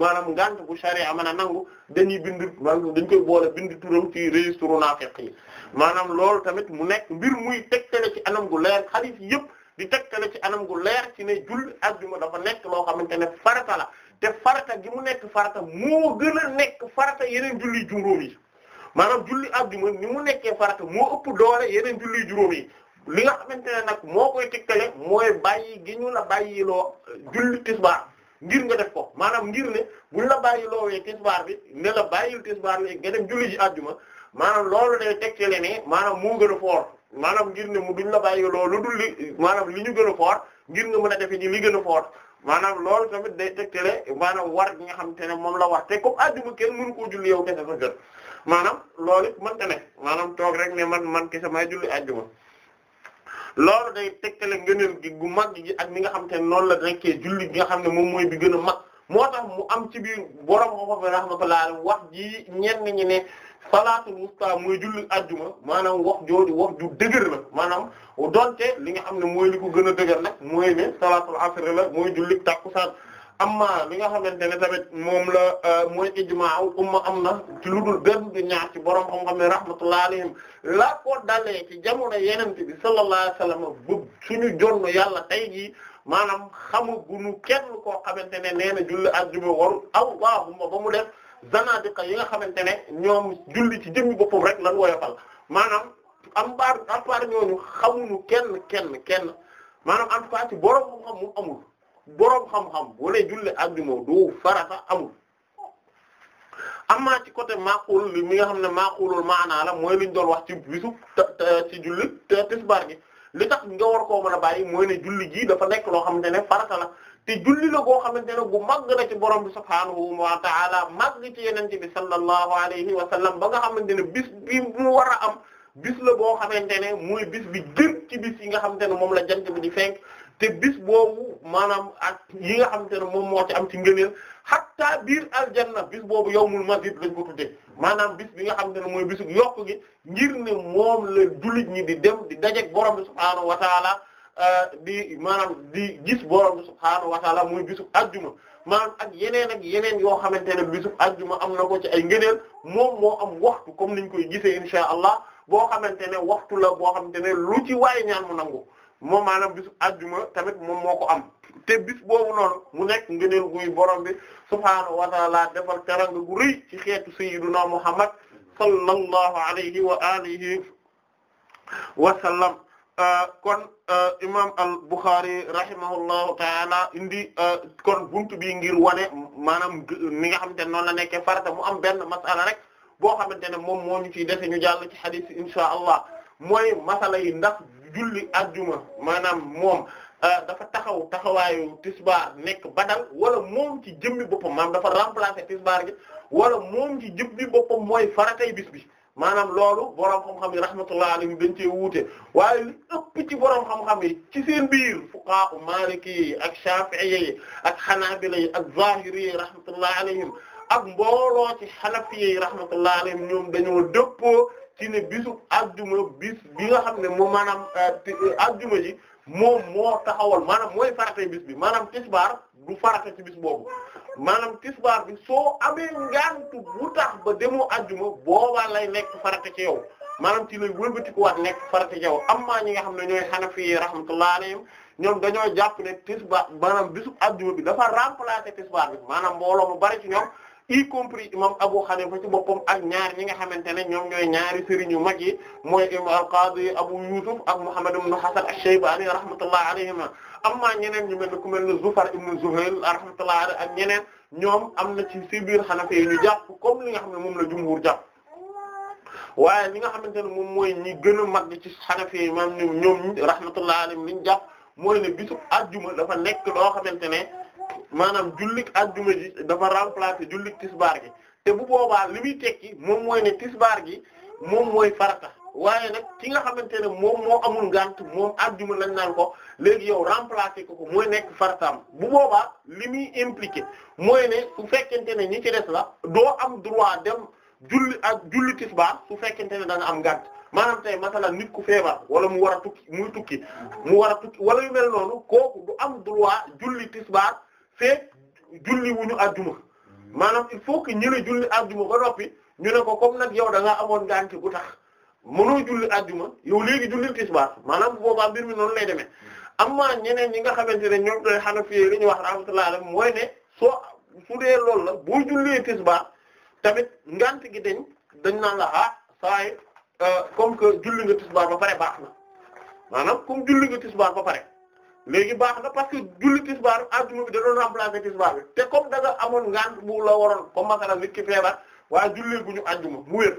maanaam ngant bu sharia mën a nangu dañuy bind dañ koy boole bind turam ci registre munaafiq yi maanaam loolu tamit mu nekk mbir muy tegtale ci anam gu leer hadith yëpp di tegtale ci anam gu leer ci ne julli ajjuma dafa nekk loo xamante ne farata la te farata gi mu nekk farata moo gën a nekk farata yeneen julli juróom yi maanaam julli ajjuma ni mu nekkee farata moo ëpp doole yeneen julli juróom yi li nga xamante ne nag moo koy tikkale mooy bàyyi gi ñu la bàyyiloo julli tisbaar ngir nga def ko maanaam ngir ne buñ la bàyyiloowee tisbaar bi ne la bàyyil tisbaar ne nga dem julli ji àjjuma maanaam loolu day tegtale ne maanaam moo gën a maanaam ngir ne mu duñ la bàyyiloo lu dul li li ñu gën a fort ngir nga mën a defe ji li gën a fort maanaam loolu tamit day tegtale maanaam war gi nga xamante ne moom la war te comme àjjuma kenn mënu koo julli yow kese sa gën maanaam loolu it mënta ne maanaam toog rek ne man man kese may julli àjjuma loolu day tegtale ngëneel gi gu mag gi ak mi nga xam te noonu la rekkee julli gi nga xam ne moom mooy bi gën a mag moo tax mu am ci biir borom xam-xam bi rahmatullah wax ji ñenn ñi ne salaatul wusta mooy julli ajjuma maanaam wax jooju wax ju dëgër la maanaam donte li nga xam ne mooy li ko gën a dëgër nag mooy ne salaatul asr la mooy julli takkusaan amma li nga xamante ne tamit moom la euh, mooy ijma'u umma am na ci lu dul benn du ñaar ci borom xam ne rahmatullah alayhim la ko dalee ci jamono yenente bi sallallahu alayhi wasallam bëgg suñu jonn yàlla tey jii maanaam xamaguñu kenn ko xamante ne nee na julli àjjuma warul allahumma ba mu def zanadiqa yi nga xamante ne ñoom julli ci jëmmi boppam rek lan woyofal maanaam am baar à part ñooñu kenn kenn kenn maanaam en tout ci borom xam mu amul boroom xam-xam wala julli àjjuma du farata amul amaa ci côté maaxuul li mi nga xam ne maaxuulul maanaa la mooy liñ doon wax ci bisu ci julli te tisbaar gi li tax nga war koo mën a mu mooy ne julli gii dafa nekk loo xamante ne farata la te julli la goo xam ne gu màgg na ci borom bi subhaanahu wa ta'ala màgg ci yeneen ci bi sallallahu alayhi wa sallam ba nga xamante ne bis bi mu war am bis la boo xamante ne muy bis bi gën ci bis yi nga xamante ne moom la jant bi di fenk te bis boobu maanaam ak yi nga xam ne moom moo ci am ci ngëneel hatta biir aljanna bis boobu yawmul masjid lañ ko tuddee maanaam bis bi nga xamante ne mooy bisu yokk gi ngir ne moom la jullit ñi di dem di dajeek borom bi subhaanahu wa taala euh, di maanaam di gis borom bi subhaanahu muy bisu ajjuma maanaam ak yeneen ak yeneen yoo xamante ne bisu ajjuma am na ko ci ay ngëneel moom moo am waxtu comme niñ koy gisee insha allah boo xamante ne waxtu la boo xam ne lu ci waaye ñaan mu nangu. moom maanaam bisu ajjuma tamit moom moo ko am te bis boobu noonu mu nekk ngëneel guy borom bi subhaanahu wa taala defal teranga gu rëy ci xeetu sayyiduna muhammad sallallahu alayhi wa alihi wa sallam euh, kon euh, imam al Bukhari rahimahullahu taala indi euh, kon buntu bi ngir wane maanaam ni nga xam ne noon la nekkee farata mu am benn masala rek boo xamante ne moom moo ñu ciy defe ñu jàll ci hadith insha allah mooy masala yi ndax julli ajjuma maanaam moom euh, dafa taxaw taxawaayu tisbaar nekk badal wala moom ci jëmmi boppam maanaam dafa remplacer tisbaar gi wala moom ci jëmmi boppam mooy faratay bis bi maanaam loolu borom xam-xam yi rahmatullah alayhim dañ cee wuute waaye li ëpp ci borom xam-xam yi ci seen biir fuqaha maliki yi ak shafi'i yi ak hanabila yi ak zahiri yi rahmatullah ak mbooloo ci hanafi yi rahmatullah alayhim ñoom dañoo dëppoo ci ne bisu ajjuma bis bi nga xam ne moom maanaam ajjuma euh, euh, ji moom moo taxawal maanaam mooy farata bis bi maanaam tisbaar du farata ci bis boobu maanaam tisbaar bi soo abee ngantu bu tax ba demoo ajjuma boobaa lay nekk farata ci yow maanaam ci lay wëlbatikuwaat nekk farata ci yow amaa ñi nga xam ne ñooy Hanafi rahmatullahi alayhim ñoom dañoo jàpp ne tisbaar maanaam bisu ajjuma bi dafa remplacer tisbaar bi maanaam mbooloo mu bari ci ñoom y compris imam Abu Hanifa ci boppam ak ñaar ñi nga xamante ne ñoom ñooy ñaari sëriñ yu mag yi mooy al qadi Abu Yusuf ak Muhammad ibn Hasan ash-Shaybani rahmatullah alayhima amma ñeneen ñu mel ne ku mel ne Zufar ibn Zuhayl rahmatullah alayhi ak ñeneen ñoom am na ci si biir Hanafi yi ñu jàpp comme li nga xam ne moom la jumhur jàpp waaye li nga xamante ne moom mooy ñi gën a mag ci Hanafi yi maanaam ñoom ñoom rahmatullah alayhim li ñu jàpp mooy ne bisu àjjuma dafa nekk loo xamante ne maanaam jullik ajjuma ji dafa remplacer jullik tisbaar gi te bu boobaa li muy tekki moom mooy ne tisbaar gi moom mooy farata waaye nag ki nga xamante ne moom moo amul ngànt moom ajjuma lañ naan ko léegi yow remplacer ko ko mooy nekk farataam bu boobaa li muy impliqué mooy ne su fekkente ne ñi ci des la doo am droit dem julli ak julli tisbaar su fekkente ne da nga am ngànt maanaam tey masala nit ku feebar wala mu war a tukki muy tukki mu war a tukki wala yu mel noonu kooku du am droit julli tisbaar feek julli wuñu àjjuma maanaam il faut que ñu ne julli àjjuma ba noppi ñu ne ko comme nag yow da ngaa amoon ngànt gu tax mënoo julli àjjuma yow léegi julli tisbaar maanaam boobaa mbir mi noonu lay demee am na ñeneen ñi nga xamante ne ñoom doy Hanafi li ñu wax rahmatullahi alayhi mooy ne soo su dee loolu la boo jullee tisbaar tamit ngànt gi dañ dañ naan la ah saa euh, comme que julli nga tisbaar ba pare baax na maanaam comme julli nga tisbaar ba pare léegi baax na parce que julli tisbaar ajjuma bi da doon remplacer tisbaar bi te comme da nga amoon ngant bu la waroon comme masalan nit ki feebar waaye julli bu ñu ajjuma mu wér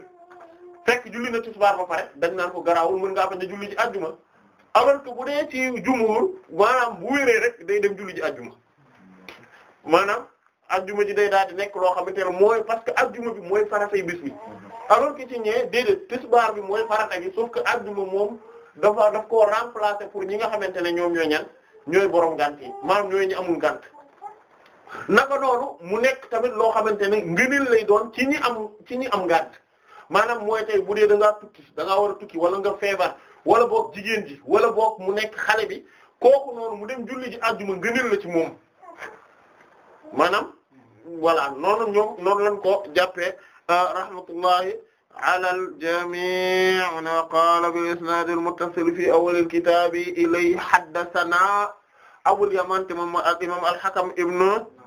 fekk julli na tisbaar ba pare dañ naan ko garaawul mën ngaa bañ a julli ji ajjuma alors que bu dee ci jumhur maanaam bu wéree rek day dem julli ji ajjuma maanaam ajjuma ji day daal di nekk loo xamante ne mooy parce que ajjuma bi mooy faratay bis bi alors que ci ñee déedéet tisbaar bi mooy farata bi sauf que ajjuma moom dafa daf koo remplacer pour ñi nga xamante ne ñoom ñoo ñan ñooy borom ngànt yi maanaam ñooy ñu amul ngànt naka noonu mu nekk tamit loo xamante ne ngëneel lay doon ci ñi am ci ñi am ngànt maanaam mooy tey bu dee da ngaa tukki danga war a tukki wala nga feebar wala boog jigéen ji wala boog mu nekk xale bi kooku noonu mu dem julli ji àjjuma ngëneel la ci moom maanaam voilà noonu ñoom noonu lañ ko jàppee euh, rahmatullahi ala al-jamii' qaala bil-isnaad al-muttasil fii awwal al-kitaab ilay haddasanaa Abul Yamaan moom mooy al-imaam al-Hakam ibn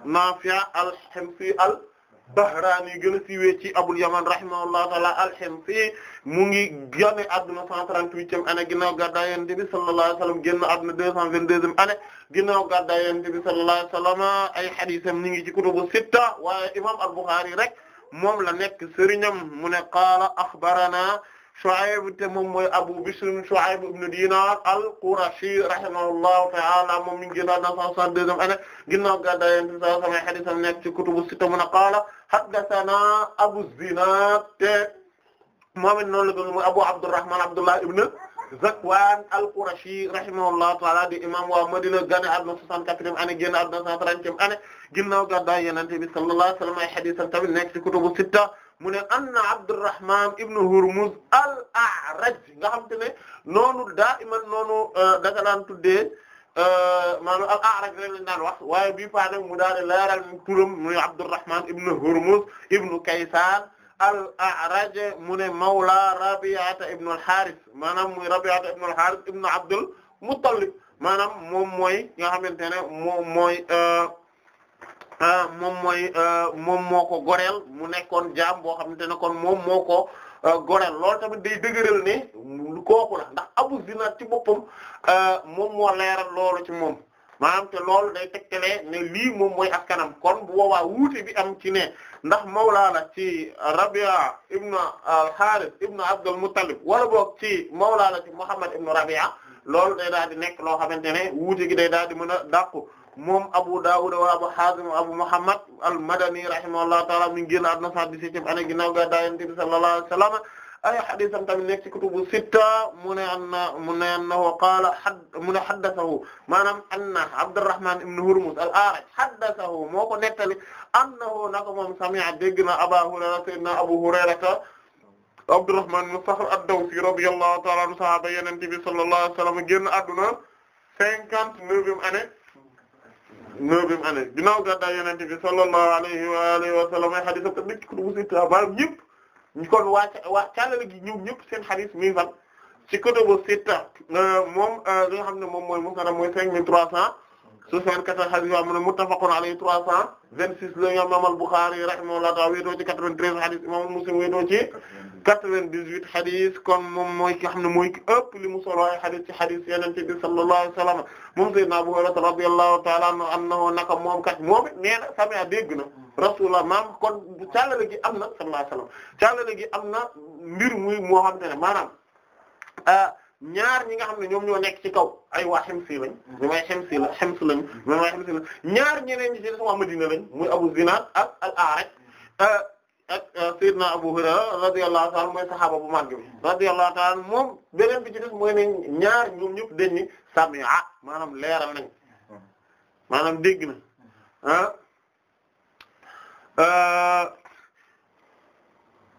Naafi' al-Himsi al-Bahraani gën a siiwee ci Abul Yamaan rahimahullahu ta'aala al-Himsi mu ngi génn àdduna 138e année ginnaaw gàddaay Yonent bi sallallahu alayhi wa sallam génn àdduna 222e année ginnaaw gàddaay Yonent bi sallallahu alayhi wa sallam ay hadiisam ñu ngi ci kutubu sitta waaye imaam al-Bukhaari rek. moom la nekk sëriñam mu ne qaala axbarana Shu'ayb te moom mooy Abu Bishr Shu'ayb ibn Dinar al-Qurashi rahimahullahu ta'ala moom mi ngi génnoon na 162e année ginnaaw gàddaay Yonent bi sallallahu alayhi wa sallam hadiisam nekk ci kutubu sitta mu ne qaala haddathana Abu Zinad te moom it noonu la gën mooy Abu Abdurrahman Abdullah ibn Zakwan al-Qurashi rahimahullahu ta'ala di imam waa Madina gane àdduna 64e année génn àdduna 130e année ginnaaw gàddaay yenente bi sallallahu alayhi wa sallam ay hadiisam tamit nekk ci kutubu sitta mu ne anna Abdurrahman ibn Hurmuz al-A'raj nga xam te ne noonu daa iman noonu euh, daga daan tuddee euh, maanaam al-A'raj rek lañ daan wax waaye bii paa nag mu daal di leeral mu turam muy Abdurrahman ibn Hurmuz ibn Kaysan al-A'raj mu ne mawla Rabi'ata ibn al-Harith maanaam muy Rabi'ata ibn al-Harith ibn Abdul Muttalib maanaam moom mooy nga xamante ne moom mooy. Euh, Euh, moom mooy euh, moom moo ko goreel mu nekkoon jaam boo xam ne kon moom moo ko euh, goreel lool tamit day dëgëral ne lu kooku la ndax Abu Zinad ci boppam moom moo leeral loolu ci moom maanaam te loolu day tegtale ne lii moom mooy askanam kon bu boobaa wuute bi am ci ne ndax mawlaa la ci Rabia ibn al-Harith ibn Abdul Muttalib wala book ci mawlaa la ci Muhammad ibn Rabia loolu day daal nekk loo xamante ne wuute gi day daal di mën a dàqu moom Abu Dawud wa Abu Hazim wa Abu Muhammad al-Madani rahimahullahu ta'ala mi ngi génn àdduna 117e année ginnaaw ga daa Yonent bi sallallahu alayhi wa sallam ay hadiisam tamit nekk ci kutubu sitta mu ne anna mu ne annahu qaala mu ne haddathahu maanaam anna Abdurrahman ibn Hurmuz al-A'raj haddathahu moo ko nettali annahu naka moom sami'a dégg na Aba Hurayra sayyidina Abu Hurayra Abdurrahman ibn Sakhr ad-Dawsi radiyallahu ta'ala anhu sahaaba Yonent bi sallallahu alayhi wa sallam génn àdduna 59e année neuvième année ginnaaw gàddaay yonent bi sallallahu alayhi wa alihi wa sallam ay xadis ak ko nekk kutubu sitta maanaam ñëpp kon waa waa càllale gi ñëw ñëpp seen xadis mi ngi fan ci kutubu sitta euh, moom euh, li nga xam ne moom mooy musnad mooy cinq mille trois cent 64 hadith yoo xam ne muttafaqun alayhi 326 la imam al-Bukhari rahimahullah ta'ala wéetoo ci 93 hadith imam Muslim wéetoo ci 98 hadith kon moom mooy ki xam ne mooy ki ëpp li mu solo ay hadith ci hadith Yonent bi sallallahu alayhi wa sallam moom sayyidina Abu Hurayra radiyallahu ta'ala anhu annahu naka moom kat moom it nee na sami'a dégg maam kon càllale gi am na sallallahu alayhi wa moo xam te maanaam ah, ñaar ñi nga xam ne ñoom ñoo nekk ci kaw ay waa Himsi lañ ñu may Himsi la Hims lañ ñu may Himsi la ñaar ñeneen ñi ci des waa Madina lañ muy Abu Zinad al-A'raj ak eh, eh, Seydina Abu Hurayra radiyallahu ta'ala mooy saxaaba bu màgg bi radiyallahu ta'ala moom beneen bi ci ne ñaar ñoom ñëpp dañ ni sami'a maanaam leeral nañ maanaam dégg na ah eh,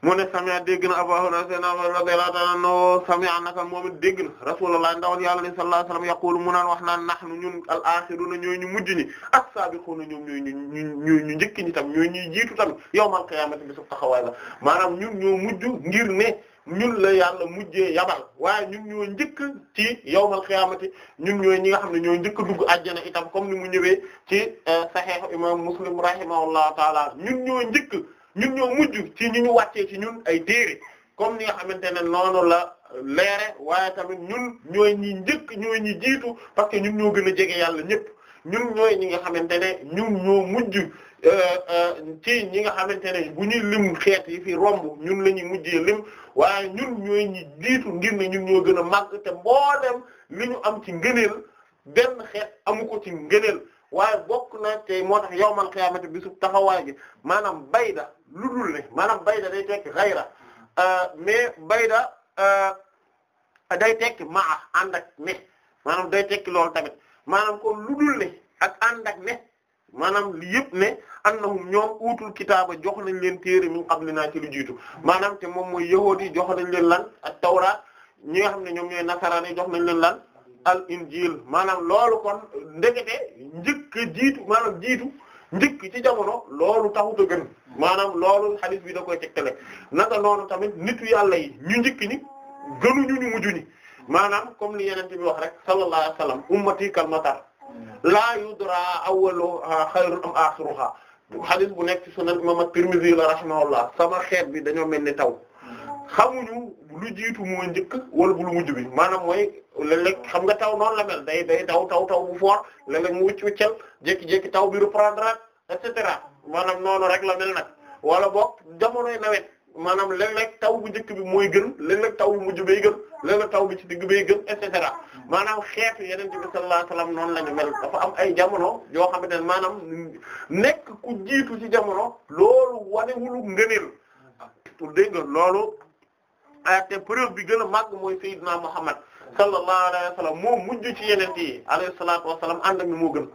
mu ne sami'a dégg na Abu Hurayra radiyallahu ta'ala anhu sami'a naka moom it dégg na Rasulullah ndawal yàlla sallallahu alayhi wasallam yaqulu mu naan wax naan nahnu ñun al-akhiruna ñooy ñu mujj ñi as-sabiquna ñoom ñooy ñu ñu ñu ñu njëkk ñi tam ñooy ñuy jiitu tam yawmal qiyamati bi su taxawaay la maanaam ñun ñoo mujj ngir ne ñun la yàlla mujjee yabal waaye ñun ñoo njëkk ci yawmal qiyamati ñun ñooy ñi nga xam ne ñoo njëkk dugg àjjana itam comme ni mu ñëwee ci euh, Sahih imam Muslim rahimahullahu ta'ala ñun ñoo njëkk ñun ñoo mujj ci ñu ñu wàccee ci ñun ay déere comme ni nga xamante ne noonu la leere waaye tamit ñun ñooy ñi njëkk ñooy ñi jiitu parce que ñun ñoo gën a jege yàlla ñëpp ñun ñooy ñi nga xamante ne ñun ñoo mujj euh, euh, ci ñi nga xamante ne bu ñuy lim xeet yi fi romb ñun la ñuy mujjee lim waaye ñun ñooy ñi jiitu ngir ne ñun ñoo gën a màgg te mboolem li ñu am ci ngëneel benn xeet amu ko ci ngëneel waaye bokk na tey moo tax yawmal qiyaamati bisub taxawaay gi maanaam bayda lu dul ne maanaam bayda day tekki xayra euh, mais bayda euh, day tekki maa ànd ak ne maanaam day tekki loolu tamit maanaam kom lu dul ne ak ànd ak ne maanaam li yëpp ne annahum ñoom uutul kitaaba jox nañ leen téere min qablinaa ci lu jiitu maanaam te moom mooy yahuudi jox nañ leen lan ak tawraat ñi nga xam ne ñoom ñooy nasaraan yi jox nañ leen lan al injil maanaam loolu kon ndekete njëkk jiitu maanaam jiitu njëkk ci jamono loolu taxut a gën maanaam loolu hadith bi da koy tegtale naka loolu tamit nitu yàlla yi ñu njëkk ñi gënuñu ñu mujj ñi maanaam comme li yeneen bi wax rek sallallahu alayhi wa matar laa yudra awwaluha xayrun am axiruha hadith bu nekk ci sunan imam a tirmidhi la rahimahullah sama xeet bi dañoo mel ni taw. xamuñu lu jiitu moo njëkk wala bu lu mujj bi maanaam mooy léeg-léeg xam nga taw noonu la mel day day taw taw taw bu fort léeg-léeg mu wëcc wëccal jékki taw bi reprendre et cetera maanaam noonu rek la mel na wala boog jamonoy nawet maanaam léeg taw bu njëkk bi mooy gën léeg-léeg taw bu mujj bay gën léeg-léeg taw bi ci digg bay gën et cetera maanaam xeetu yeneen bi sallallahu alayhi wasallam noonu la ñu mel dafa am ay jamono yoo xamante ne maanaam nekk ku jiitu ci jamono loolu wanewulu ngëneel dégg nga loolu te preuve bi gën a màgg mooy Seydina Muhammad sallallahu alayhi wa sallam moo mujj ci yeneen yi alayhi salaatu wa salaam ànd ak ni moo gën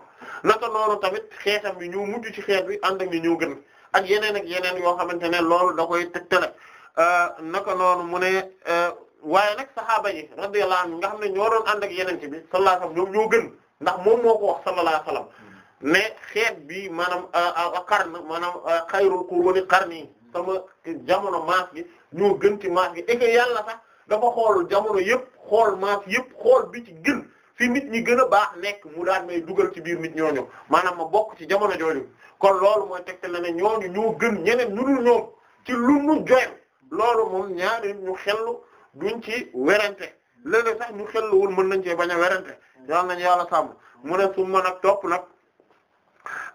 naka noonu tamit xeetam bi ñu mujj ci xeet bi ànd ak ni ñoo gën ak yeneen ak yeneen yoo xamante ne loolu da koy tegtale euh, naka noonu mu ne euh, waaye nag saxaaba yi radiyallahu anhum nga xam ne ñoo doon ànd ak yeneen ci bi sallallahu alayhi wa sallam ñoo gën ndax moom moo ko wax sallallahu alayhi wa sallam mais xeet bi maanaam euh, qarn maanaam xayrul quruuni sama jamono maas gi ñoo gën ci maas gi et que yàlla sax dama xool jamono yëpp xool maas yëpp xool bi ci gën fi nit ñi gën a baax nekk mu daan may dugal ci biir nit ñooñu maanaam ma bokk ci jamono jooju kon loolu mooy tegte na ne ñooñu ñoo gën ñeneen ñu dul ñoom ci lu nu joyal loolu moom ñaari ñu xellu duñ ci werante léeg-léeg sax ñu mën nañ cee bañ a werante yal nañu yàlla sàmm mu ne su ma nag topp nag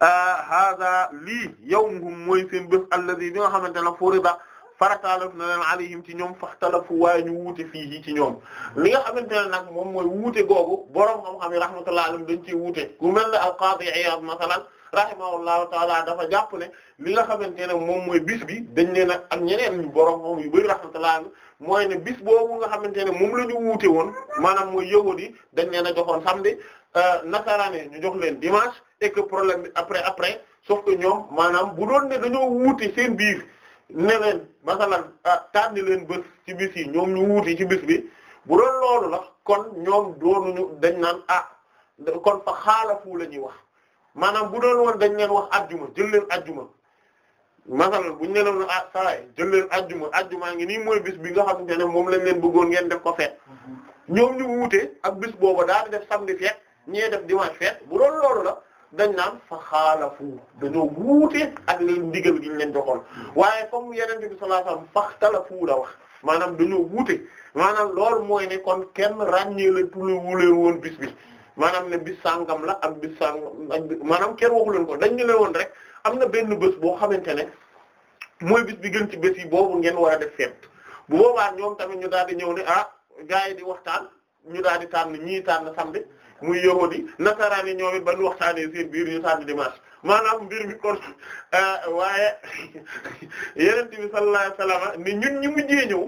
Ah, hada lii yawmuhum mooy seen bés alladhi bi nga xamante ne furida farataalaf na leen alayhim ci ñoom faxtalafu waaye ñu wuute fii ci ñoom li nga xamante ne nag moom mooy wuute googu borom xam-xam yi rahmatullahi alayhim dañ ciy wuute ku mel ne al-Qadi Iyad masalan rahimahullahu taala dafa jàpp ne li nga xamante ne moom mooy bis bi dañ ne nag ak ñeneen borom moom yu bari rahmatullahi alayhim mooy ne bis boobu nga xamante ne moom la ñu wuute woon maanaam mooy yahudi dañ ne na joxoon samedi ah, nasaraane ñu jox leen dimanche. et problème bi après après sauf que ñoom maanaam bu doon ne dañoo wuute seen biir ne leen masalan ah, leen bés ci bis yi ñoom ñu wuute ci bis bi bu doon loolu la kon ñoom doonuñu dañ naan ah kon fa xaalafu la ñuy wax maanaam bu doon woon dañ leen wax ajjuma jël leen ajjuma masalan buñ ne leen ah saa yi jël leen ajjuma ajjuma ngi nii mooy bis bi nga xamante ne moom lañ leen bëggoon ngeen def ko feet mhm. ñoom ñu wuute ak bis boobu daal di def samedi feet ñee def dimanche feet bu doon loolu la dañ naan fa xaalafu dañoo wuute ak leen ndigal gi ñu leen joxoon waaye comme yeneen bi sallallahu alayhi wasallam faxtalafu la wax maanaam dañoo wuute maanaam lool mooy ne kon kenn ràññee la tulu wuleen woon bis bi maanaam ne bis sàngam la ak bis sàngam maanaam kenn waxu leen ko dañ ñu woon rek am na benn bés boo xamante ne mooy bis bi gën ci bés yi boobu ngeen war a def feet bu boobaa ñoom tamit ñu daal di ñëw ne ah gars yi di waxtaan ñu daal di tànn ñii tànn samedi muy yahudi nasaraan yi ñoom it ba waxtaanee seen biir ñu sànni dimanche maanaam mbir mi kon euh, waaye [LAUGHS] yonent bi sallallahu alayhi wasallam ni ñun ñu mujjee ñëw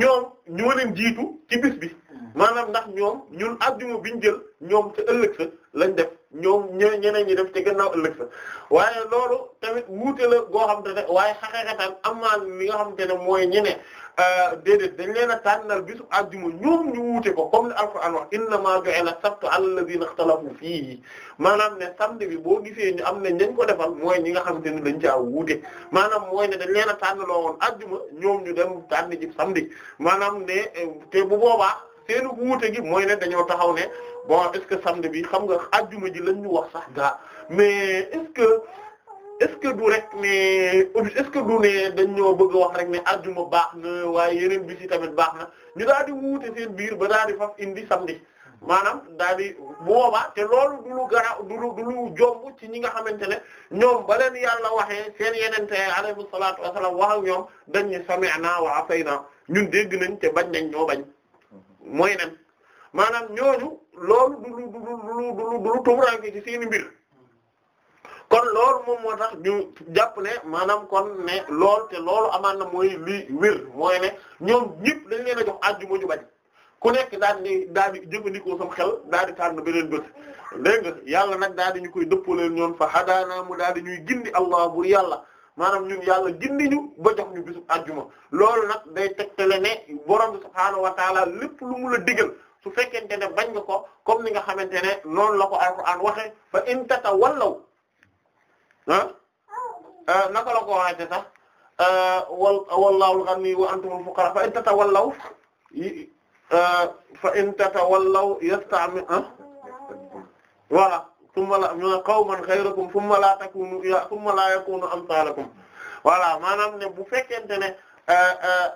ñoom ñoo leen jiitu ci bis bi maanaam ndax ñoom ñun àjjuma biñ jël ñoom ca ëllëg sa lañ def ñoom ñoo ñeneen ñi def ci gannaaw ëllëg sa waaye loolu tamit wuute la goo xamante ne waaye xaqeqatan amaan li nga xamante ne mooy ñeneen Euh, déedéet dañ leen a tànnal bisu àjjuma ñoom ñu wuute ko comme ni alquran wax innamaa ju'ila sabtu ala alladhina ikhtalafu fiihi maanaam ne samedi bi boo gisee ñu am ne ñañ ko defal mooy ñi nga xamante ni dañ caa wuute maanaam mooy ne dañ leen a tànnaloo woon àjjuma ñoom ñu dem tànn ji samedi maanaam ne te bu boobaa seenu wuute gi mooy ne dañoo taxaw ne bon est-ce bi xam nga àjjuma ji lañ ñu wax sax gaa mais est est-ce que rek ne est-ce que du ne dañ ñoo bëgg a wax rek ne àjjuma baax na waaye yeneen bis yi tamit baax na ñu daal di wuute seen biir ba daal di faf indi samedi maanaam daal di boobaa te loolu du lu garaaw du ci ñi nga xamante ne ñoom ba leen yàlla waxee seen yenente alayhi salaatu wa salaam wax ak ñoom dañ ñu sami'na wa atayna ñun dégg nañ te bañ nañ ñoo bañ mooy nen maanaam ñooñu loolu du lu du lu du mbir. kon loolu moom moo tax ñu jàpp ne maanaam kon ne lool te loolu amaan na mooy li wér mooy ne ñoom ñëpp dañ leen a jox àjjuma ñu bañ ku nekk daal di daal di jëfandikoo sam xel daal di tànn beneen bët dégg nga yàlla nag daal di ñu koy dëppaleel ñoom fa hadaana mu daal di ñuy gindi allah bur yàlla maanaam ñun yàlla gindi ñu ba jox ñu bisu àjjuma loolu nag day tegtale ne borom bi subhaanahu wa taala lépp lu mu la digal su te ne bañ nga ko comme ni nga xamante ne noonu la ko alquran waxe fa in tatawallaw ah naka la ko waxee sax wallaahu al-ghani wa antumul fuqaraa fa in tatawallaw fa in tatawallaw yasta'mir voilà summa la min qawman ghayrakum summa la takunu summa la yakunu amsalakum voilà maanaam ne bu fekkente ne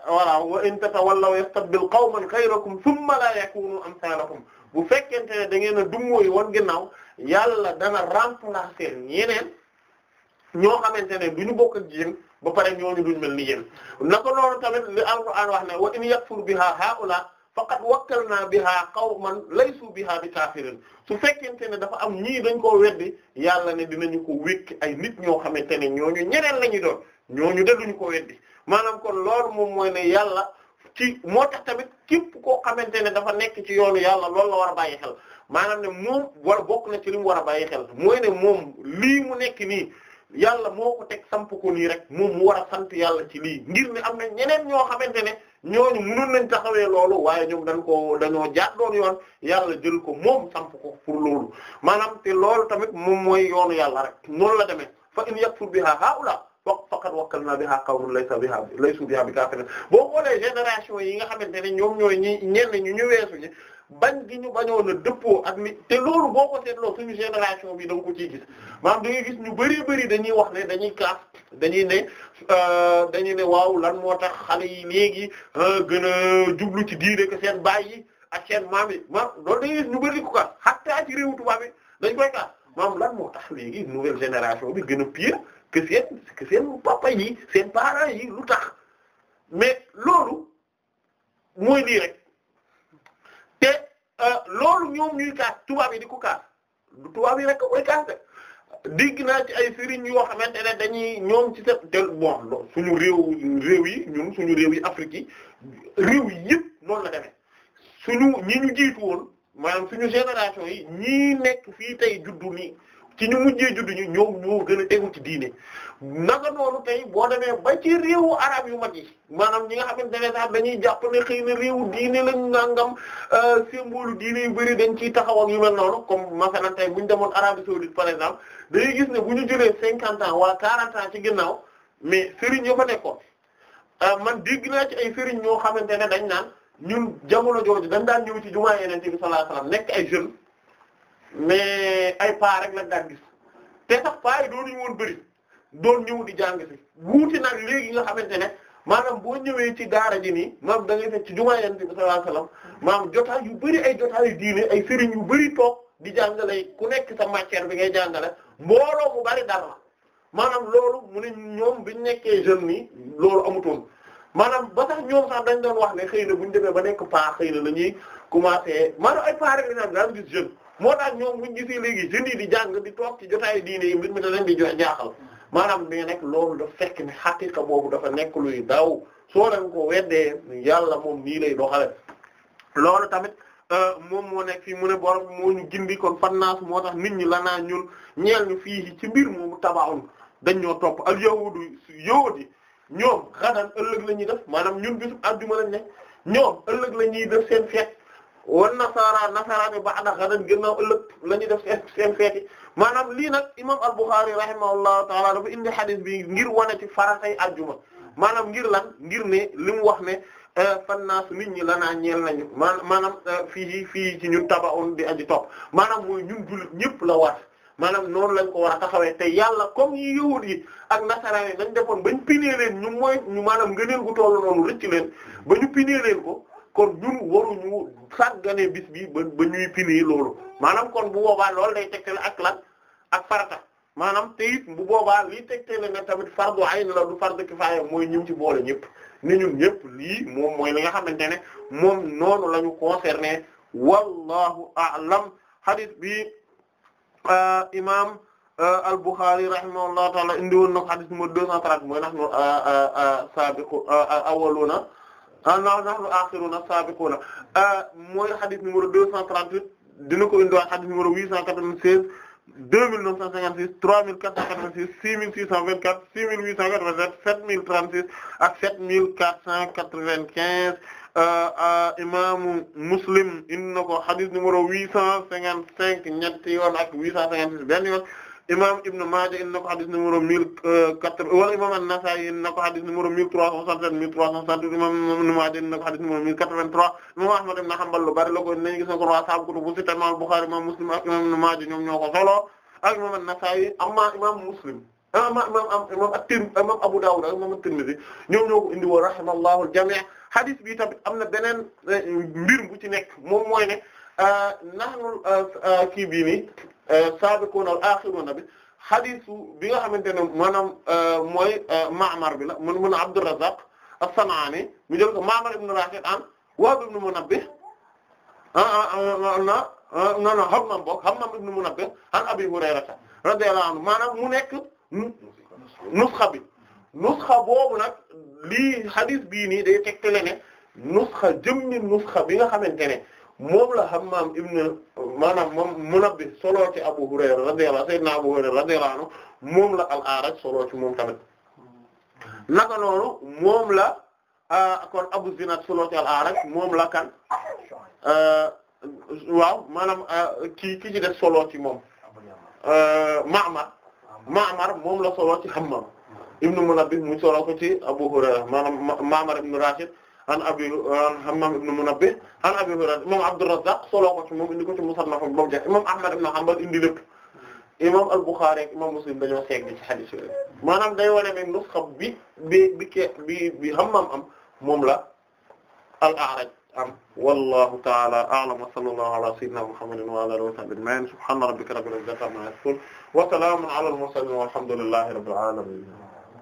voilà wa in tatawallaw yastabdil qawman ghayrakum summa la yakunu amsalakum bu fekkente ne da ngeen a dummóoyu woon ginnaaw yàlla dana remplacer ñeneen ñoo xamante ne du ñu bokk ji yéen ba pare ñooñu duñ mel ni yéen naka loolu tamit li alquran wax ne wa in yakfur biha haula faqad wakkalna biha qawman laysu biha bi kafirin su fekkente ne dafa am ñii dañ koo weddi yàlla ne dinañu ko wékki ay nit ñoo xamante ne ñooñu ñeneen la ñu doon ñooñu de duñu ko weddi maanaam kon loolu moom mooy ne yàlla ci moo tax tamit képp koo xamante ne dafa nekk ci yoonu yàlla loolu la war a bàyyi xel maanaam ne moom bokk na ci li mu war a bàyyi xel mooy ne moom lii mu nekk nii yàlla moo ko teg samp ko nii rek moom mu war a sant yàlla ci lii ngir ne am na ñeneen ñoo xamante ne ñooñu mënoon nañ taxawee loolu waaye ñoom dañ ko dañoo jàddoon yoon yàlla jël ko moom samp ko pour loolu maanaam te loolu tamit moom mooy yoon yàlla rek noonu la demee fa in yakfur biha haula faqad wakkalna biha qawmun laysa biha laysu biha bi kafirin boo xoolee génération yi nga xamante ne ñoom ñooy ñi ñenn ñu ñu weesu ñi bañ gi ñu bañoon a dëppoo ak ni te loolu boo ko seetloo suñu génération bi da nga ko ciy gis maanaam da ngay gis ñu bëri bëri dañuy wax ne dañuy kaas dañuy ne euh, dañuy ne waaw lan moo tax xale yi léegi euh, gën a jublu ci diine que seen baay yi ak seen maam yi maam loolu dañuy gis ñu bëri ko kaas xattaa ci réew tubaab yi dañ koy kaas maam lan moo tax léegi nouvelle génération bi gën a pire que seen que seen papa yi seen parents yi lu tax mais loolu mooy lii rek. te euh, loolu ñoom ñuy kaas tubaab yi di ko kaas du tubaab yi rek koy kaas de digg naa ci ay sëriñ yoo xamante ne dañuy ñoom ci sa tel bon suñu réew réew yi ñun suñu réew yi Afrique yi réew yi yëpp noonu la demee suñu ñi ñu jiitu woon maanaam suñu génération yi ñii nekk fii tey juddu nii ci ñu mujjee juddu ñu ñoom ñoo gën a tegu ci diine naka noonu tey boo demee ba ci réewu arab yu mag yi maanaam ñi nga xamante ne sax dañuy jàpp ne xëy na réewu diine lañ nangam euh, symbole diine yu bëri dañ ciy taxaw yu mel noonu comme masalan tey bu ñu demoon Arabie saoudite par exemple dañuy gis ne bu ñu jëlee cinquante ans waa quarante ans ci ginnaaw mais sëriñ yoo fa nekkoon euh, man dégg naa ci ay sëriñ ñoo xamante ne dañ naan ñun jamono jooju dañ daan ñëw ci jumaa nekk ay jeunes. mais ay paa rek la daan gis te sax paa yi doon ñu woon bëri doon ñëw di jàng ci wuuti nag léegi nga xamante ne maanaam boo ñëwee ci daara ji ni maam da ngay fekk ci jumaa Yonent bi sallallahu alayhi wasallam maam jotaay yu bëri ay jotaay yu diine ay sëriñ yu bëri toog di jàngale ku nekk sa matière bi ngay jàngale mbooloo mu bari dara maanaam loolu mu ne ñoom biñ nekkee jeunes nii loolu amutoon maanaam ba tax ñoom sax dañ doon wax ne xëy na bu ñu demee ba nekk paa xëy la ñuy commencé maanaam ay paa rek dañu daan gis moo tax ñoom buñ gisee léegi jeunes yi di jàng di toog ci jotaayu diine yi mbir mi da leen di jox jaaxal maanaam mais nag loolu dafa fekk ne xaqiqa boobu dafa nekk luy daw soo leen ko weddee yàlla moom nii lay doxale loolu tamit euh, moom moo nekk fii mu ne borom moo ñu gindikoon kon fannaas moo tax nit ñi lanaa ñun ñeel ñu fii ci mbir moomu tabaxun dañ ñoo topp al yahudu yahudi yi ñoom xanaan ëllëg la ñuy def maanaam ñun bisu àdduma lañ ne ñoom ëllëg la ñuy def seen fête wan nasaara nasaara ba ànd ak xanaan gannaaw ëllëg la ñu def seen seen feeti maanaam lii nag imaam al-Bukhari rahimahullahu taala dafa indi xadis bi ngir wane ci faratay aljuma maanaam ngir lan ngir ne li mu wax ne eh, fannaasu nit ñi lanaa ñeel nañu maanaam eh, fii fii ci ñun tabaxoon di aji topp maanaam mooy ñun jullit ñëpp la war maanaam noonu lañ ko war a taxawee te yàlla comme yi yahud yi ak nasaraan yi dañ defoon bañ pinee leen ñu mooy ñu maanaam ngëneel gu tollu noonu rëcc leen ba ñu pinee leen ko. kon ñun waruñu sàggane bis bi ba ba ñuy pini loolu maanaam kon bu boobaa loolu day tegtale ak lan ak farata maanaam te it bu boobaa lii tegtale ne tamit fardu ayn la du fardu kifaaya mooy ñim ci boole ñëpp ni ñun ñëpp lii moom mooy li nga xamante ne moom noonu lañu ñu concerné wallahu a'lam hadith bi euh, imam euh, al-Bukhari rahimahullahu taala indi woon na ko hadith numéro 230 mooy nahnu euh, sabiqu awwaluna na ah, nahnu axiruna sabiquna ah, mooy xadis numéro deux cent trente-huit dina ko indiwaat xadis numéro huit cent quatre-vingt-seize deux mille neuf cent cinquante-six trois mille quatre cent quatre-vingt-six six mille six cent vingt-quatre six mille huit cent quatre-vingt-sept sept mille trente-six ak sept mille quatre cent quatre-vingt-quinze ah, imaamu Muslim indi na ko xadis numéro huit cent cinquante-cinq ñetti yoon ak huit cent cinquante-six benn yoon imam Ibn Maaja indi na ko xadis numéro mille euh, quatre wala imam An-Nasaa'i indi na ko xadis numéro mille trois cent soixante-sept mille trois cent soixante-huit imam Ibn Maaja indi na ko xadis numéro mille quatre-vingt-trois imam Ahmad ibn Hanbal lu bari la ko nañu gis na ko waa sahabu kutubu sitta imam Bukhari imam Muslim ak imam Ibn Maaja ñoom ñoo ko solo ak imam An-Nasaa'i amma imam Muslim amma imam imam at-Tirmidhi imam Abu Dawud ak imam at-Tirmidhi ñoom ñoo ko indi woon rahimallahu al-jamii' xadis bi tamit am na beneen euh, mbir bu ci nekk moom mooy ne euh, nahnu kii bii nii saabiquuna al axiruuna bi xadiisu bi nga xamante ne maanaam euh, mooy euh, Ma'mar bi la mun mun Abdurrazzaq as-San'aani mu jël ko Ma'mar ibn Rashid an Wahb ibn Munabbih ah, ah, ah, na non non Hammam bokk Hammam ibn Munabbih an Abi Hurayrata radiyallahu anhu maanaam mu nekk nusxa bi nusxa boobu nag lii xadiis bii nii day tegtale ne nusxa jëmmi nusxa bi nga xamante ne moom la Hammaam ibn maanaam moom Munabbih solo ci Abu Hurayra radiyallahu sayyidina Abu Hurayra radiyallahu anhu moom la al-A'raj solo ci moom tamit naka noonu moom la ah, kon Abu Zinad solo ci al-A'raj moom la kan ah, waaw maanaam ah, kii ki ci def solo ci moom Ma'mar Ma'mar moom la solo ci Hammaam ibn Munabbih mu solo ko ci Abu Hurayra maanaam Ma'mar ibn Rashid an abi an Hammam ibn Munabbih an Abi Hurayra moom Abdurrazzaq soloo ko ci moom indi ko ci Musannaf bi moom jeex imam Ahmad ibn Hanbal indi lépp imam Al-Bukhârî ak imam Muslim dañoo seeg ci hadith yooyu maanaam day wane ne nusxa bi bi bi ke bi bi Hammam am moom la al-A'raj am wallahu ta'ala a'lam wa sallallahu ala sayyidina Muhammadin wa ala alihi wa sahbihi ajma'in subhana rabbika rabbil izzati amma yasifun wa salamun ala al-mursalin walhamdulillahi rabbil alamin